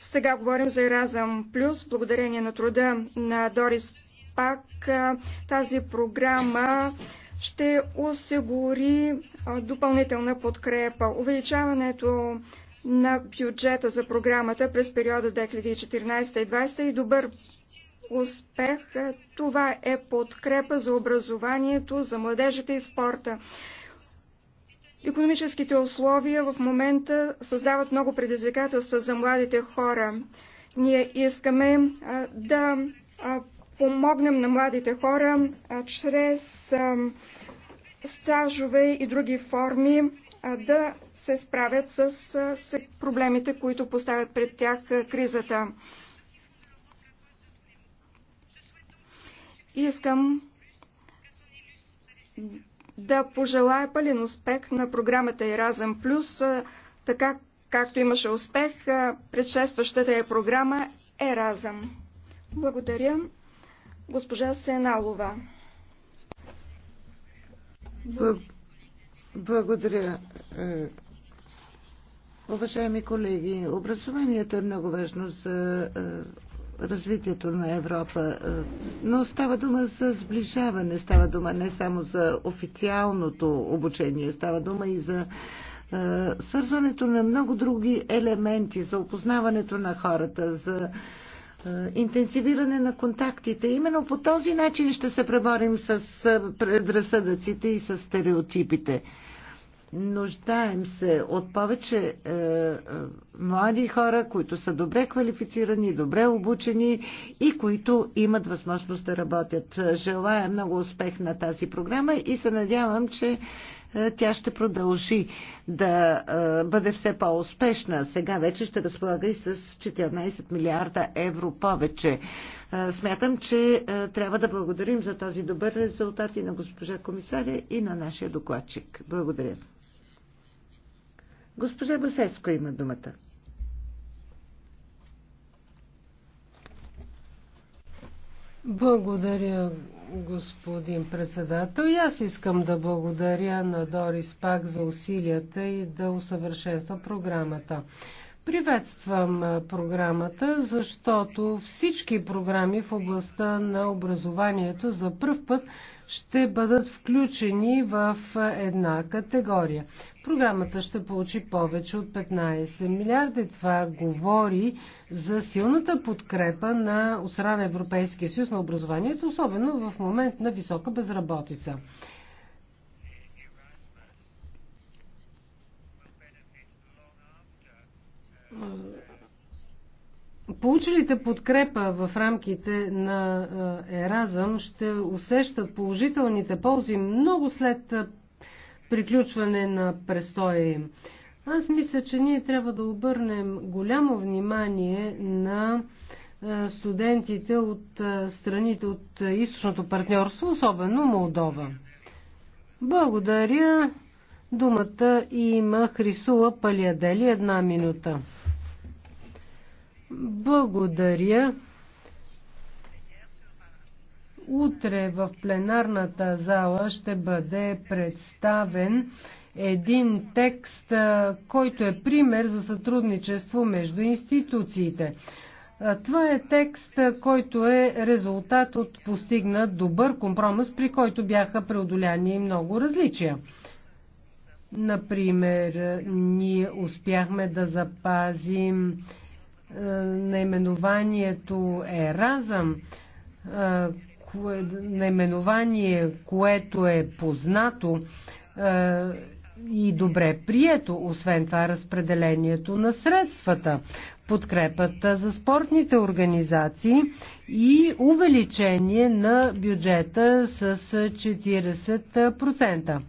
сега говорим за Еразъм Плюс, благодарение на труда на Дорис Пак. Тази програма ще осигури допълнителна подкрепа. Увеличаването на бюджета за програмата през периода 2014-2020 и добър успех. Това е подкрепа за образованието, за младежите и спорта. Економическите условия в момента създават много предизвикателства за младите хора. Ние искаме да помогнем на младите хора чрез стажове и други форми да се справят с, проблемите, които поставят пред тях кризата. Искам да пожелая пълен успех на програмата Еразъм Плюс, така както имаше успех предшестващата е програма Еразъм. Благодаря. Госпожа Сеналова. Благодаря. Е, уважаеми колеги, образованието е много важно за е, развитието на Европа. Е, но става дума за сближаване, става дума не само за официалното обучение, става дума и за свързването на много други елементи, за опознаването на хората, за е, интенсивиране на контактите. Именно по този начин ще се преборим с е, предразсъдъците и с стереотипите. Нуждаем се от повече е, е, млади хора, които са добре квалифицирани, добре обучени и които имат възможност да работят. Желая много успех на тази програма и се надявам, че е, тя ще продължи да е, бъде все по-успешна. Сега вече ще разполага и с 14 милиарда евро повече. Е, смятам, че трябва да благодарим за този добър резултат и на госпожа комисаря и на нашия докладчик. Благодаря. Госпожа Басеско има думата. Благодаря, господин председател. И аз искам да благодаря на Дорис Пак за усилията и да усъвършенства програмата. Приветствам програмата, защото всички програми в областта на образованието за първ път ще бъдат включени в една категория. Програмата ще получи повече от 15 милиарди. Това говори за силната подкрепа на от Европейския съюз на образованието, особено в момент на висока безработица. Uh Получилите подкрепа в рамките на е, Еразъм ще усещат положителните ползи много след е, приключване на престоя им. Аз мисля, че ние трябва да обърнем голямо внимание на е, студентите от страните от източното партньорство, особено Молдова. Благодаря. Думата има Хрисула Палиадели една минута. Благодаря. Утре в пленарната зала ще бъде представен един текст, който е пример за сътрудничество между институциите. Това е текст, който е резултат от постигнат добър компромис, при който бяха преодоляни много различия. Например, ние успяхме да запазим наименованието разъм, кое, наименование, което е познато и добре прието, освен това разпределението на средствата, подкрепата за спортните организации и увеличение на бюджета с 40%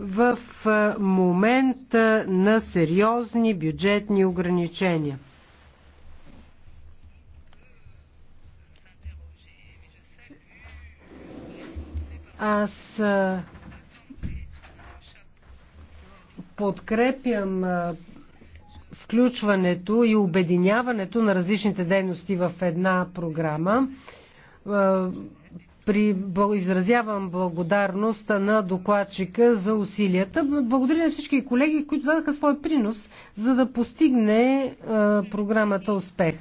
в момента на сериозни бюджетни ограничения. Аз подкрепям включването и обединяването на различните дейности в една програма при, изразявам благодарност на докладчика за усилията. Благодаря на всички колеги, които дадаха свой принос, за да постигне е, програмата успех.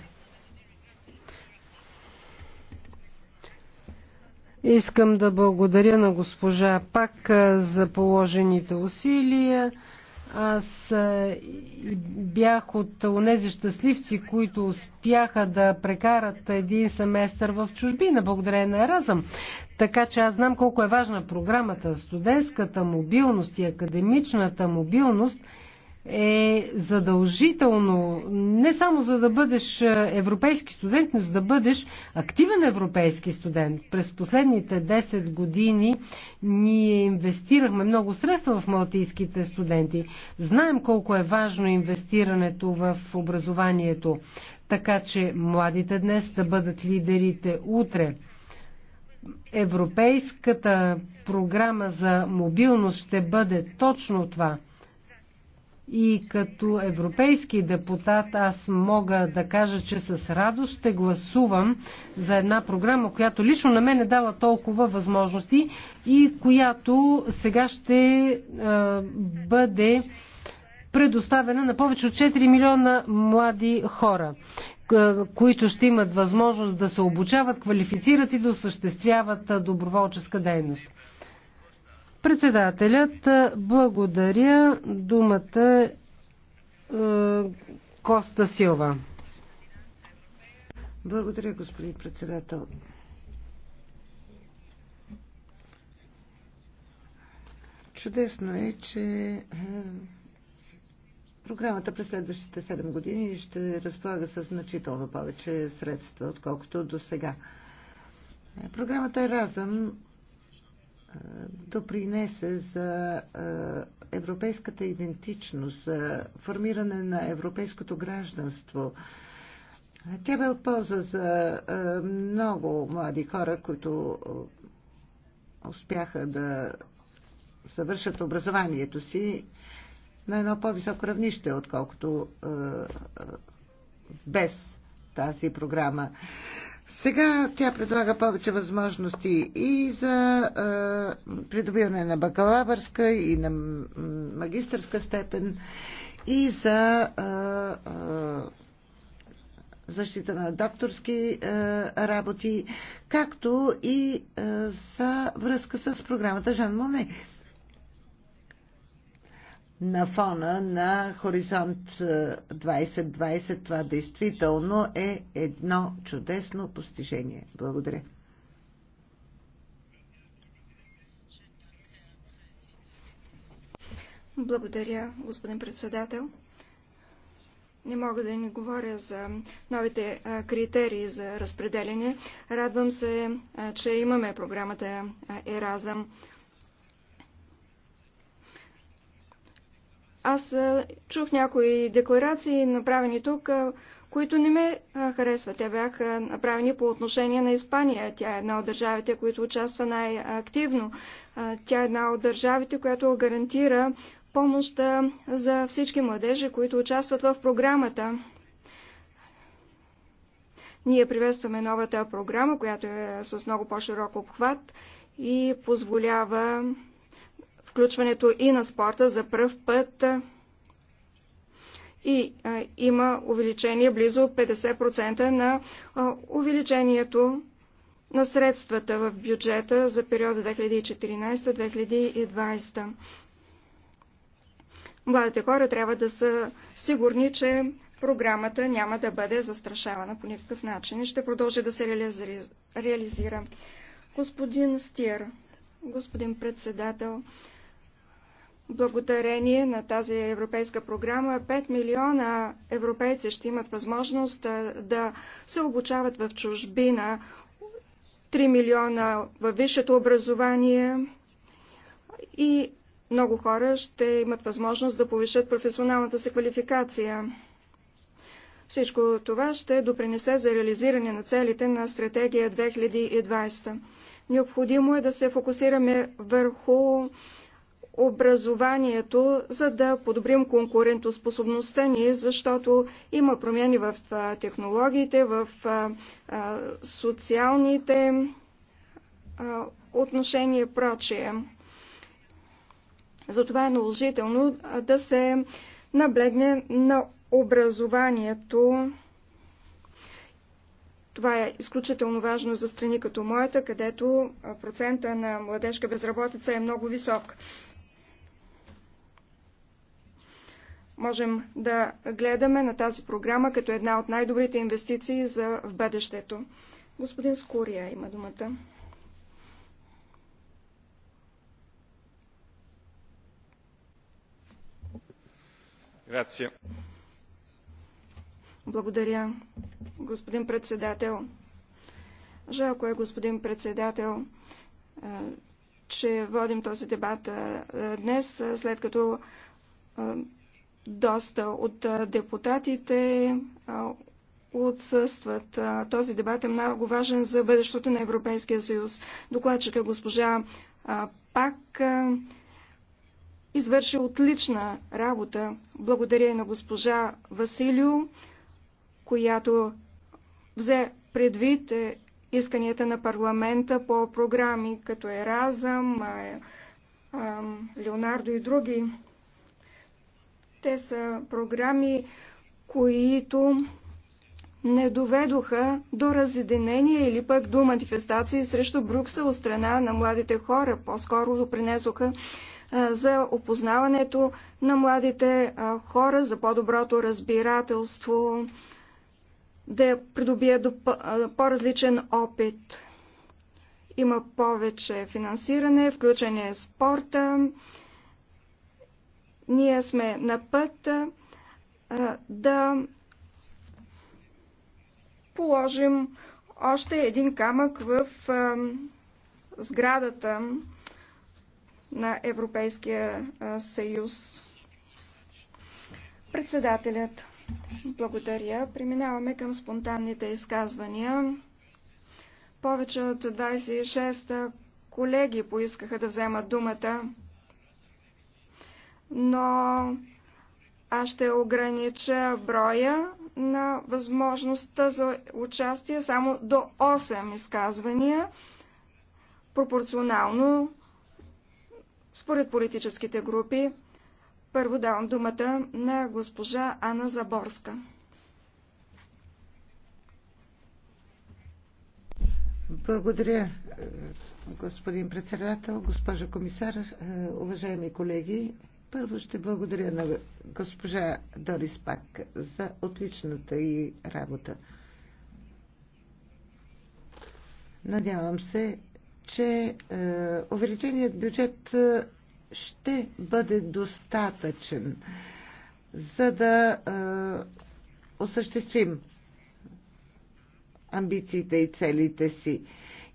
Искам да благодаря на госпожа Пак е, за положените усилия. Аз е, бях от онези щастливци, които успяха да прекарат един семестър в чужбина, благодарение на Еразъм. Така че аз знам колко е важна програмата. Студентската мобилност и академичната мобилност – е задължително не само за да бъдеш е, европейски студент, но за да бъдеш активен европейски студент. През последните 10 години ние инвестирахме много средства в малтийските студенти. Знаем колко е важно инвестирането в образованието, така че младите днес да бъдат лидерите утре. Европейската програма за мобилност ще бъде точно това и като европейски депутат аз мога да кажа, че с радост ще гласувам за една програма, която лично на мен е дала толкова възможности и която сега ще а, бъде предоставена на повече от 4 милиона млади хора, които ще имат възможност да се обучават, квалифицират и да осъществяват доброволческа дейност. Председателят, благодаря. Думата Коста Силва. Благодаря, господин председател. Чудесно е, че програмата през следващите 7 години ще разполага с значително повече средства, отколкото до сега. Програмата разъм допринесе за европейската идентичност, за формиране на европейското гражданство. Тя бе от полза за много млади хора, които успяха да завършат образованието си на едно по-високо равнище, отколкото без тази програма. Сега тя предлага повече възможности и за а, е, придобиване на бакалавърска и на магистърска степен и за а, е, а, е, защита на докторски е, работи, както и е, за връзка с програмата Жан Моне на фона на Хоризонт 2020. Е, Това действително е едно чудесно постижение. Благодаря. Благодаря, господин председател. Не мога да не говоря за новите е, критерии за разпределение. Радвам се, е, че имаме програмата Еразъм. Аз чух някои декларации, направени тук, които не ме харесват. Те бяха направени по отношение на Испания. Тя е една от държавите, които участва най-активно. Тя е една от държавите, която гарантира помощ за всички младежи, които участват в програмата. Ние приветстваме новата програма, която е с много по-широк обхват и позволява включването и на спорта за пръв път и а, има увеличение близо 50% на а, увеличението на средствата в бюджета за периода 2014-2020. Младите хора трябва да са сигурни, че програмата няма да бъде застрашавана по никакъв начин и ще продължи да се реализира. Господин Стир, господин председател, Благодарение на тази европейска програма 5 милиона европейци ще имат възможност да се обучават в чужбина, 3 милиона във висшето образование и много хора ще имат възможност да повишат професионалната си квалификация. Всичко това ще допринесе за реализиране на целите на стратегия 2020. Необходимо е да се фокусираме върху образованието, за да подобрим конкурентоспособността ни, защото има промени в технологиите, в социалните отношения и прочие. Затова е наложително да се наблегне на образованието. Това е изключително важно за страни като моята, където процента на младежка безработица е много висок. можем да гледаме на тази програма като една от най-добрите инвестиции за в бъдещето. Господин Скория има думата. Грация. Благодаря, господин председател. Жалко е, господин председател, че водим този дебат днес, след като доста от депутатите отсъстват. Този дебат е много важен за бъдещето на Европейския съюз. Докладчика госпожа Пак извърши отлична работа. Благодаря на госпожа Василио, която взе предвид е, исканията на парламента по програми като Еразъм, е, Леонардо и други. Те са програми, които не доведоха до разединение или пък до манифестации срещу Брюксел от страна на младите хора. По-скоро допринесоха за опознаването на младите хора, за по-доброто разбирателство, да придобият по-различен опит. Има повече финансиране, включение спорта, ние сме на път да положим още един камък в сградата на Европейския съюз. Председателят. Благодаря. Преминаваме към спонтанните изказвания. Повече от 26 колеги поискаха да вземат думата но аз ще огранича броя на възможността за участие само до 8 изказвания, пропорционално според политическите групи. Първо давам думата на госпожа Анна Заборска. Благодаря, господин председател, госпожа комисар, уважаеми колеги. Първо ще благодаря на госпожа Дорис Пак за отличната и работа. Надявам се, че е, увеличеният бюджет е, ще бъде достатъчен, за да е, осъществим амбициите и целите си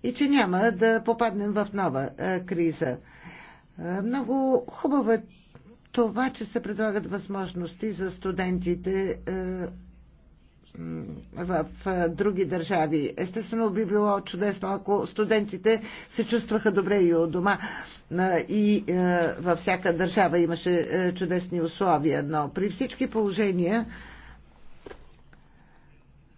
и че няма да попаднем в нова е, криза. Е, много хубава това, че се предлагат възможности за студентите е, в е, други държави. Естествено би било чудесно, ако студентите се чувстваха добре и у дома. Е, и във всяка държава имаше чудесни условия. Но при всички положения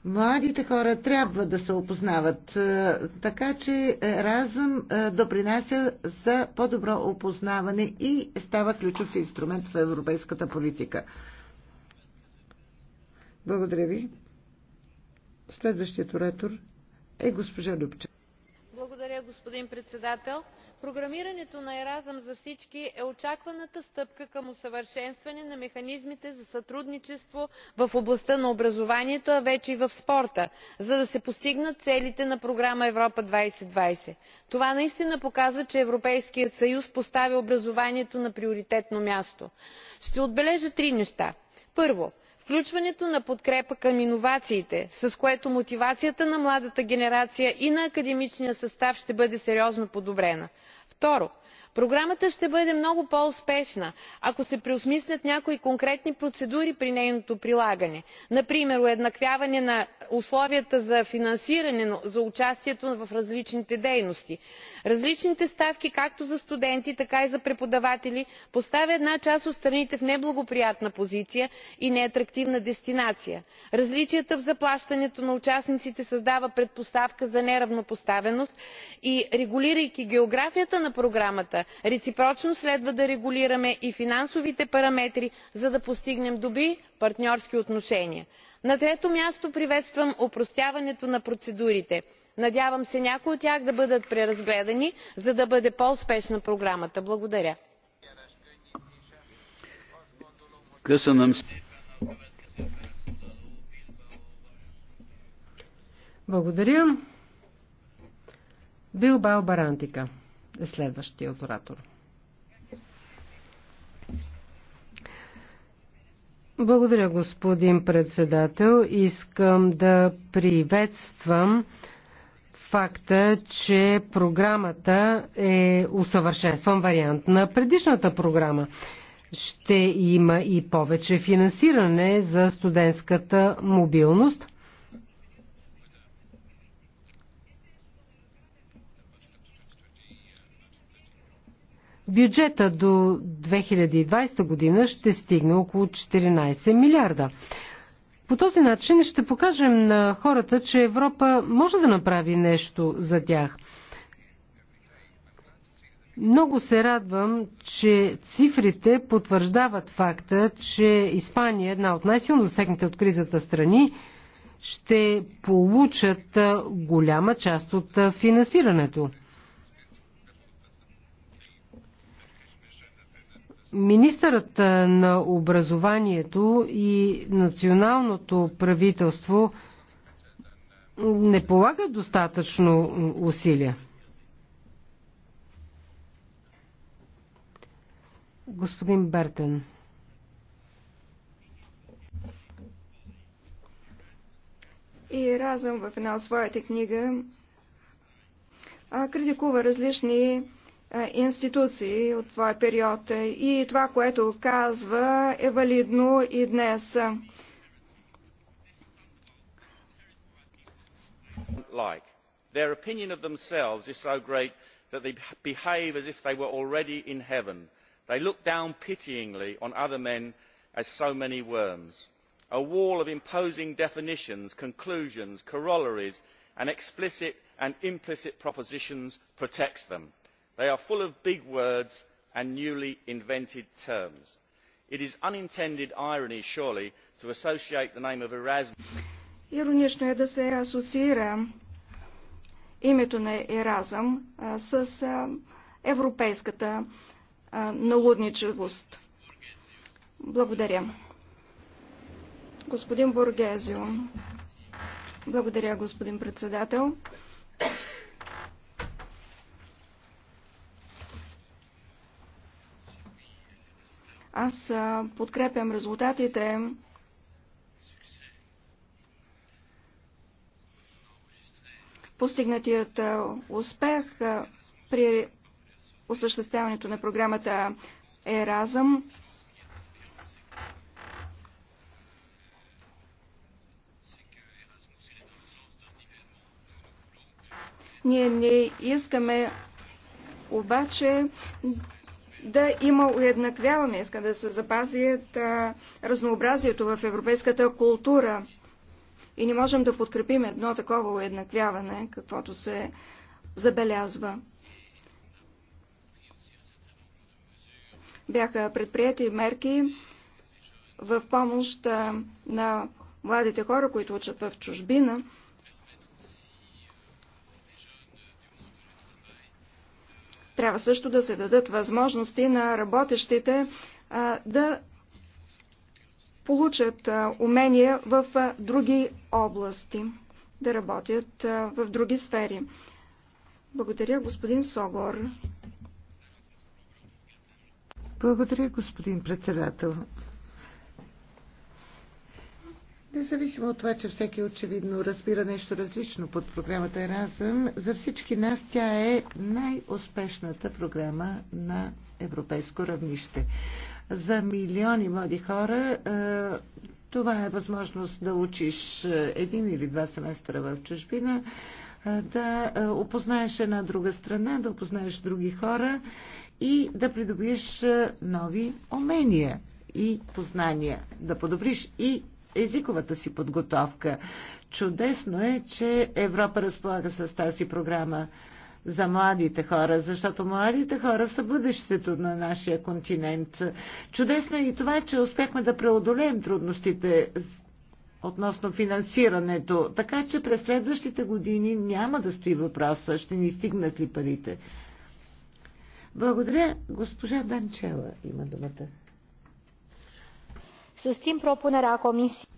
Младите хора трябва да се опознават, е, така че е, разум е, допринася за по-добро опознаване и става ключов инструмент в европейската политика. Благодаря ви. Следващият оратор е госпожа Любча господин председател. програмирането на еразъм за всички е очакваната стъпка към усъвършенстване на механизмите за сътрудничество в областта на образованието а вече и в спорта за да се постигнат целите на програма европа. две хиляди двадесет това наистина показва че европейският съюз поставя образованието на приоритетно място. ще отбележа три неща. първо включването на подкрепа към иновациите с което мотивацията на младата генерация и на академичния състав ще бъде сериозно подобрена. второ програмата ще бъде много по успешна ако се преосмислят някои конкретни процедури при нейното прилагане например уеднаквяване на условията за финансиране за участието в различните дейности. различните ставки както за студенти така и за преподаватели поставя една част от страните в неблагоприятна позиция и неатрактивна дестинация. различията в заплащането на участниците създават предпоставка за неравнопоставеност и регулирайки географията на програмата реципрочно следва да регулираме и финансовите параметри за да постигнем добри партньорски отношения. на трето място приветствам опростяването на процедурите. надявам се някои от тях да бъдат преразгледани за да бъде по успешна програмата. благодаря. Барантика е следващият оратор. Благодаря, господин председател. Искам да приветствам факта, че програмата е усъвършенстван вариант на предишната програма. Ще има и повече финансиране за студентската мобилност. бюджета до 2020 година ще стигне около 14 милиарда. По този начин ще покажем на хората, че Европа може да направи нещо за тях. Много се радвам, че цифрите потвърждават факта, че Испания, една от най-силно засегнатите от кризата страни, ще получат голяма част от финансирането. Министърът на образованието и националното правителство не полагат достатъчно усилия. Господин Бертен. И разъм в една от своята книга критикува различни институции от твоя период. И това, което казва, е валидно и днес. Like. Their opinion of themselves is so great that they behave as if they were already in heaven. They look down pityingly on other men as so many worms. A wall of imposing definitions, conclusions, corollaries, and explicit and implicit propositions protects them they are full of big words and newly invented terms. it is unintended irony surely to associate the name of erasmus. Иронично е да се асоциира името на Еразъм с европейската налудничавост. Благодаря. Господин Боргезио. Благодаря, господин председател. Аз подкрепям резултатите постигнатият успех при осъществяването на програмата Еразъм. Ние не искаме обаче да има уеднаквяване, иска да се запазят разнообразието в европейската култура. И не можем да подкрепим едно такова уеднаквяване, каквото се забелязва. Бяха предприяти мерки в помощ на младите хора, които учат в чужбина. Трябва също да се дадат възможности на работещите да получат умения в други области, да работят в други сфери. Благодаря, господин Согор. Благодаря, господин председател. Независимо от това, че всеки очевидно разбира нещо различно под програмата Еразъм, за всички нас тя е най-успешната програма на европейско равнище. За милиони млади хора е, това е възможност да учиш е, един или два семестра в чужбина, е, да опознаеш една друга страна, да опознаеш други хора и да придобиеш нови умения и познания, да подобриш и езиковата си подготовка. Чудесно е, че Европа разполага с тази програма за младите хора, защото младите хора са бъдещето на нашия континент. Чудесно е и това, че успяхме да преодолеем трудностите относно финансирането, така че през следващите години няма да стои въпроса, ще ни стигнат ли парите. Благодаря, госпожа Данчела има думата. Susțin propunerea Comisiei.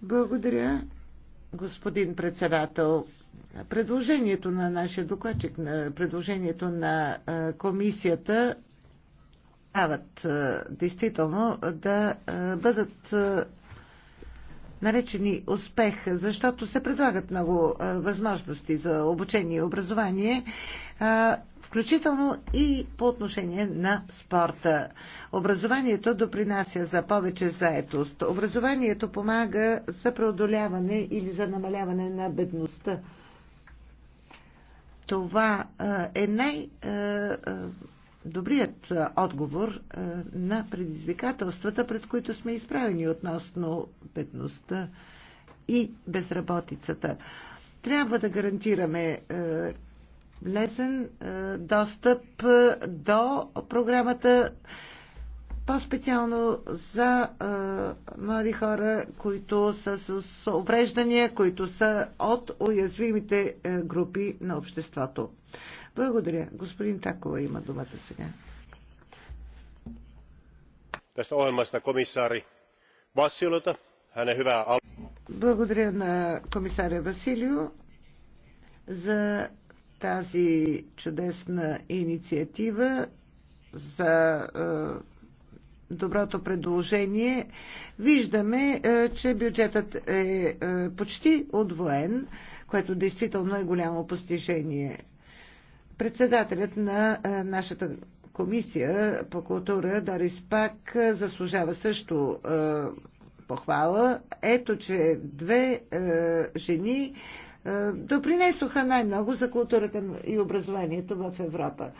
Благодаря, господин председател. Предложението на нашия докладчик, предложението на комисията дават действително да бъдат наречени успех, защото се предлагат много възможности за обучение и образование включително и по отношение на спорта. Образованието допринася за повече заетост. Образованието помага за преодоляване или за намаляване на бедността. Това е най- добрият отговор на предизвикателствата, пред които сме изправени относно бедността и безработицата. Трябва да гарантираме лесен е, достъп е, до програмата, по-специално за е, млади хора, които са с увреждания, които са от уязвимите групи на обществото. Благодаря. Господин Такова има думата сега. Благодаря на комисаря Василио за тази чудесна инициатива, за е, доброто предложение. Виждаме, е, че бюджетът е, е почти отвоен, което действително е голямо постижение. Председателят на нашата комисия по култура Дарис Пак заслужава също похвала. Ето, че две жени е, допринесоха най-много за културата и образованието в Европа.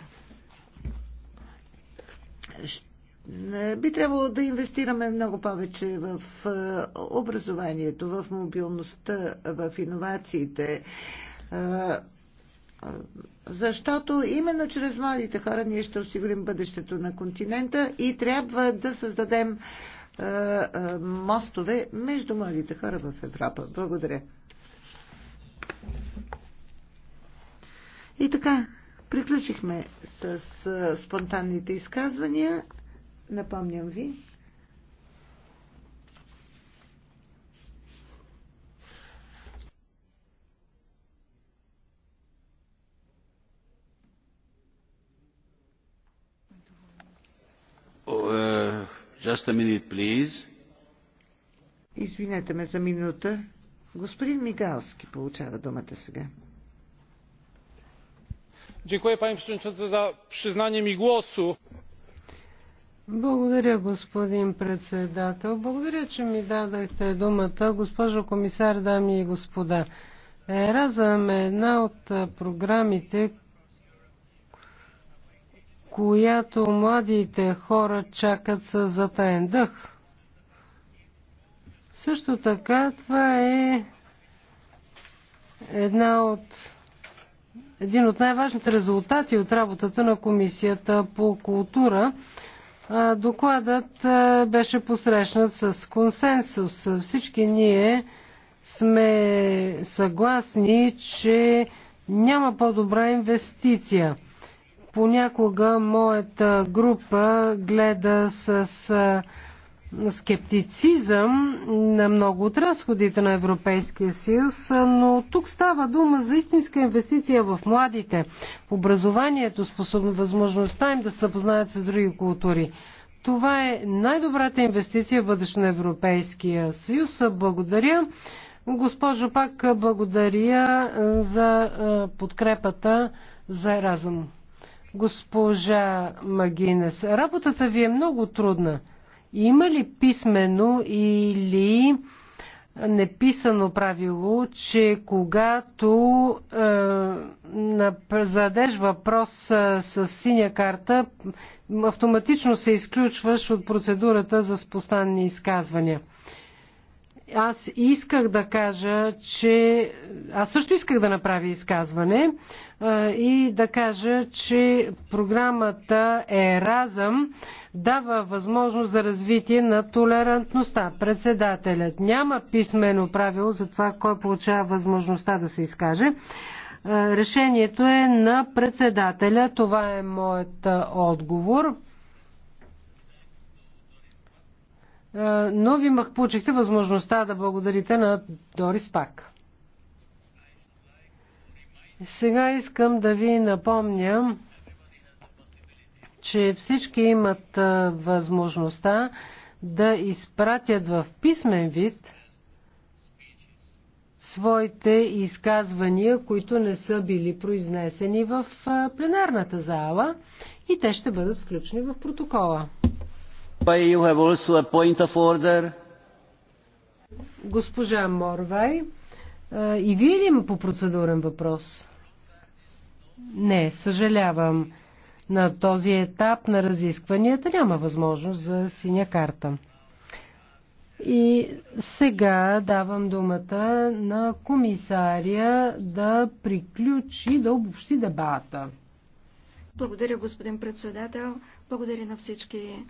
Е, би трябвало да инвестираме много повече в е, образованието, в мобилността, в иновациите, защото именно чрез младите хора ние ще осигурим бъдещето на континента и трябва да създадем мостове между младите хора в Европа. Благодаря. И така, приключихме с спонтанните изказвания. Напомням ви. Oh, uh, just a minute, please. Извинете ме за минута. Господин Мигалски получава думата сега. Dziękuję panie przewodniczący za przyznanie mi głosu. Благодаря, господин председател. Благодаря, че ми дадахте думата. Госпожо комисар, дами и господа, Еразъм е една от програмите, която младите хора чакат с затаен дъх. Също така това е една от един от най-важните резултати от работата на Комисията по култура. Докладът беше посрещнат с консенсус. Всички ние сме съгласни, че няма по-добра инвестиция. Понякога моята група гледа с скептицизъм на много от разходите на Европейския съюз, но тук става дума за истинска инвестиция в младите, в образованието, способно възможността им да се запознаят с други култури. Това е най-добрата инвестиция в бъдеще на Европейския съюз. Благодаря. Госпожо, пак благодаря е, за е, подкрепата за разум. Госпожа Магинес, работата ви е много трудна. Има ли писмено или неписано правило, че когато е, зададеш въпрос е, с синя карта, автоматично се изключваш от процедурата за спостанни изказвания? Аз исках да кажа, че... Аз също исках да направя изказване и да кажа, че програмата Еразъм дава възможност за развитие на толерантността. Председателят няма писмено правило за това, кой получава възможността да се изкаже. Решението е на председателя. Това е моят отговор. Е, но ви мах, получихте възможността да благодарите на Дорис Пак. Сега искам да ви напомня, че всички имат е, възможността да изпратят в писмен вид своите изказвания, които не са били произнесени в е, пленарната зала и те ще бъдат включени в протокола. Госпожа Морвай, и вие ли има по процедурен въпрос? Не, съжалявам. На този етап на разискванията няма възможност за синя карта. И сега давам думата на комисария да приключи, да обобщи дебата. Благодаря, господин председател. Благодаря на всички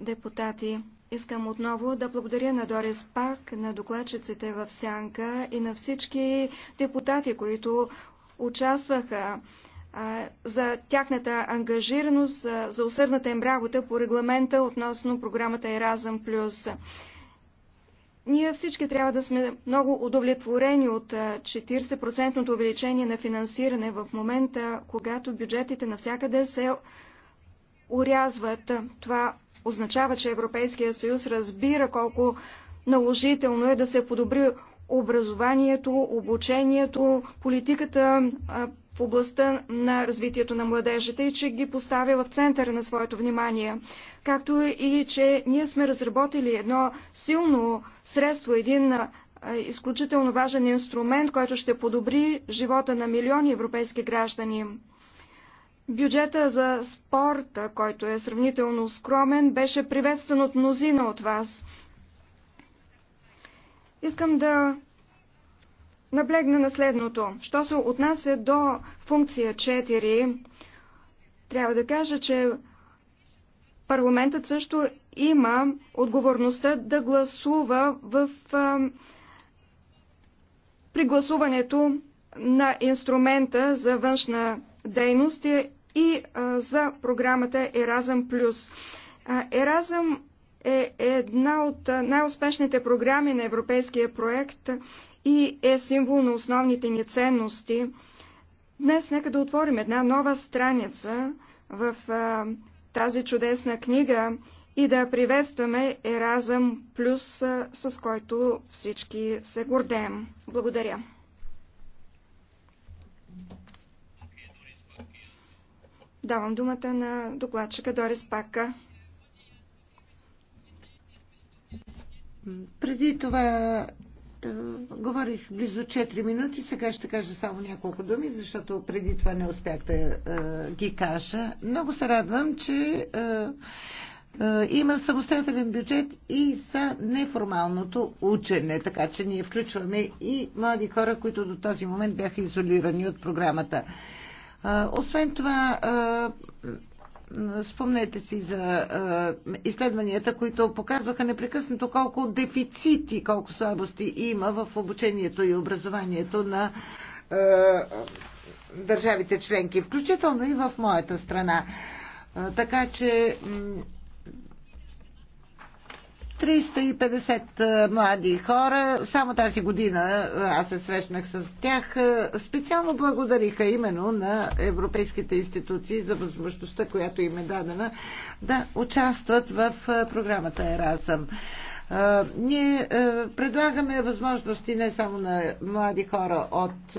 депутати, искам отново да благодаря на Дорис Пак, на докладчиците в Сянка и на всички депутати, които участваха за тяхната ангажираност, за усърдната им работа по регламента относно програмата Еразъм Плюс. Ние всички трябва да сме много удовлетворени от 40 увеличение на финансиране в момента, когато бюджетите навсякъде се урязват. Това означава, че Европейския съюз разбира колко наложително е да се подобри образованието, обучението, политиката в областта на развитието на младежите и че ги поставя в центъра на своето внимание. Както и, че ние сме разработили едно силно средство, един изключително важен инструмент, който ще подобри живота на милиони европейски граждани. Бюджета за спорта, който е сравнително скромен, беше приветстван от мнозина от вас. Искам да наблегна на следното. Що се отнася до функция 4, трябва да кажа, че парламентът също има отговорността да гласува в а, при гласуването на инструмента за външна дейност и за програмата Еразъм Плюс. Еразъм е една от най-успешните програми на европейския проект и е символ на основните ни ценности. Днес нека да отворим една нова страница в а, тази чудесна книга и да приветстваме Еразъм Плюс, с който всички се гордеем. Благодаря. Давам думата на докладчика Дорис Пака. Преди това е, говорих близо 4 минути, сега ще кажа само няколко думи, защото преди това не успях да е, ги кажа. Много се радвам, че е, има самостоятелен бюджет и за неформалното учене, така че ние включваме и млади хора, които до този момент бяха изолирани от програмата. Освен това, спомнете си за изследванията, които показваха непрекъснато колко дефицити, колко слабости има в обучението и образованието на държавите членки, включително и в моята страна. Така че 350 млади хора, само тази година аз се срещнах с тях, специално благодариха именно на европейските институции за възможността, която им е дадена да участват в програмата Еразъм. Ние предлагаме възможности не само на млади хора от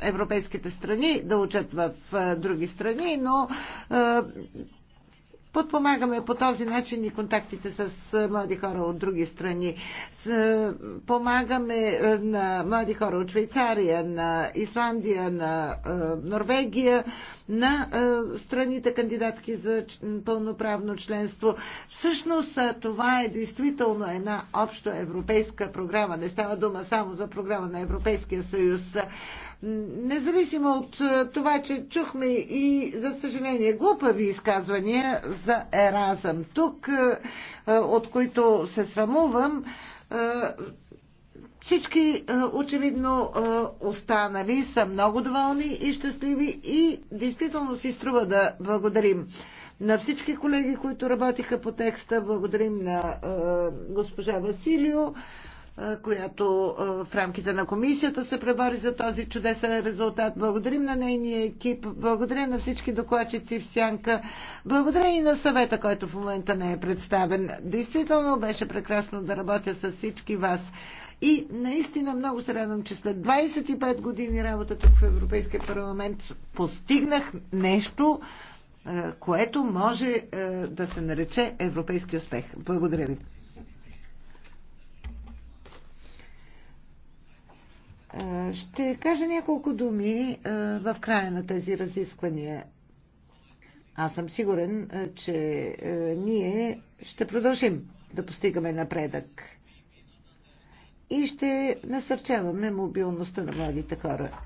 европейските страни да учат в други страни, но Подпомагаме по този начин и контактите с млади хора от други страни. Помагаме на млади хора от Швейцария, на Исландия, на Норвегия, на страните кандидатки за пълноправно членство. Всъщност това е действително една общо европейска програма. Не става дума само за програма на Европейския съюз. Независимо от е, това, че чухме и, за съжаление, глупави изказвания за Еразъм тук, е, е, от които се срамувам, всички очевидно останали са много доволни и щастливи и действително си струва да благодарим на всички колеги, които работиха по текста. Благодарим на госпожа Василио която в рамките на комисията се пребори за този чудесен резултат. Благодарим на нейния екип, благодаря на всички докладчици в Сянка, благодаря и на съвета, който в момента не е представен. Действително беше прекрасно да работя с всички вас. И наистина много се радвам, че след 25 години работа тук в Европейския парламент постигнах нещо, което може да се нарече европейски успех. Благодаря ви. Е, ще кажа няколко думи е, в края на тези разисквания. Аз съм сигурен, е, че ние ще продължим да постигаме напредък и ще насърчаваме мобилността на младите хора.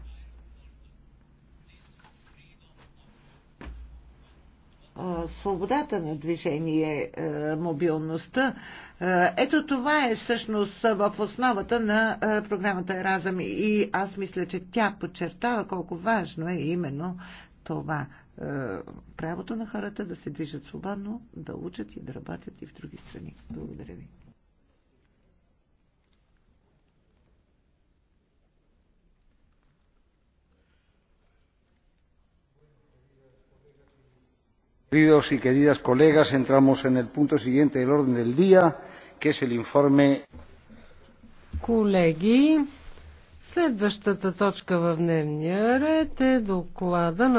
Свободата на движение, мобилността е, ето това е всъщност в основата на е, програмата Еразъм и аз мисля, че тя подчертава колко важно е именно това е, правото на хората да се движат свободно, да учат и да работят и в други страни. Благодаря ви. Queridos y queridas colegas, entramos en el punto siguiente del orden del día, que es el informe. Колеги, следващата точка в дневния ред е доклада на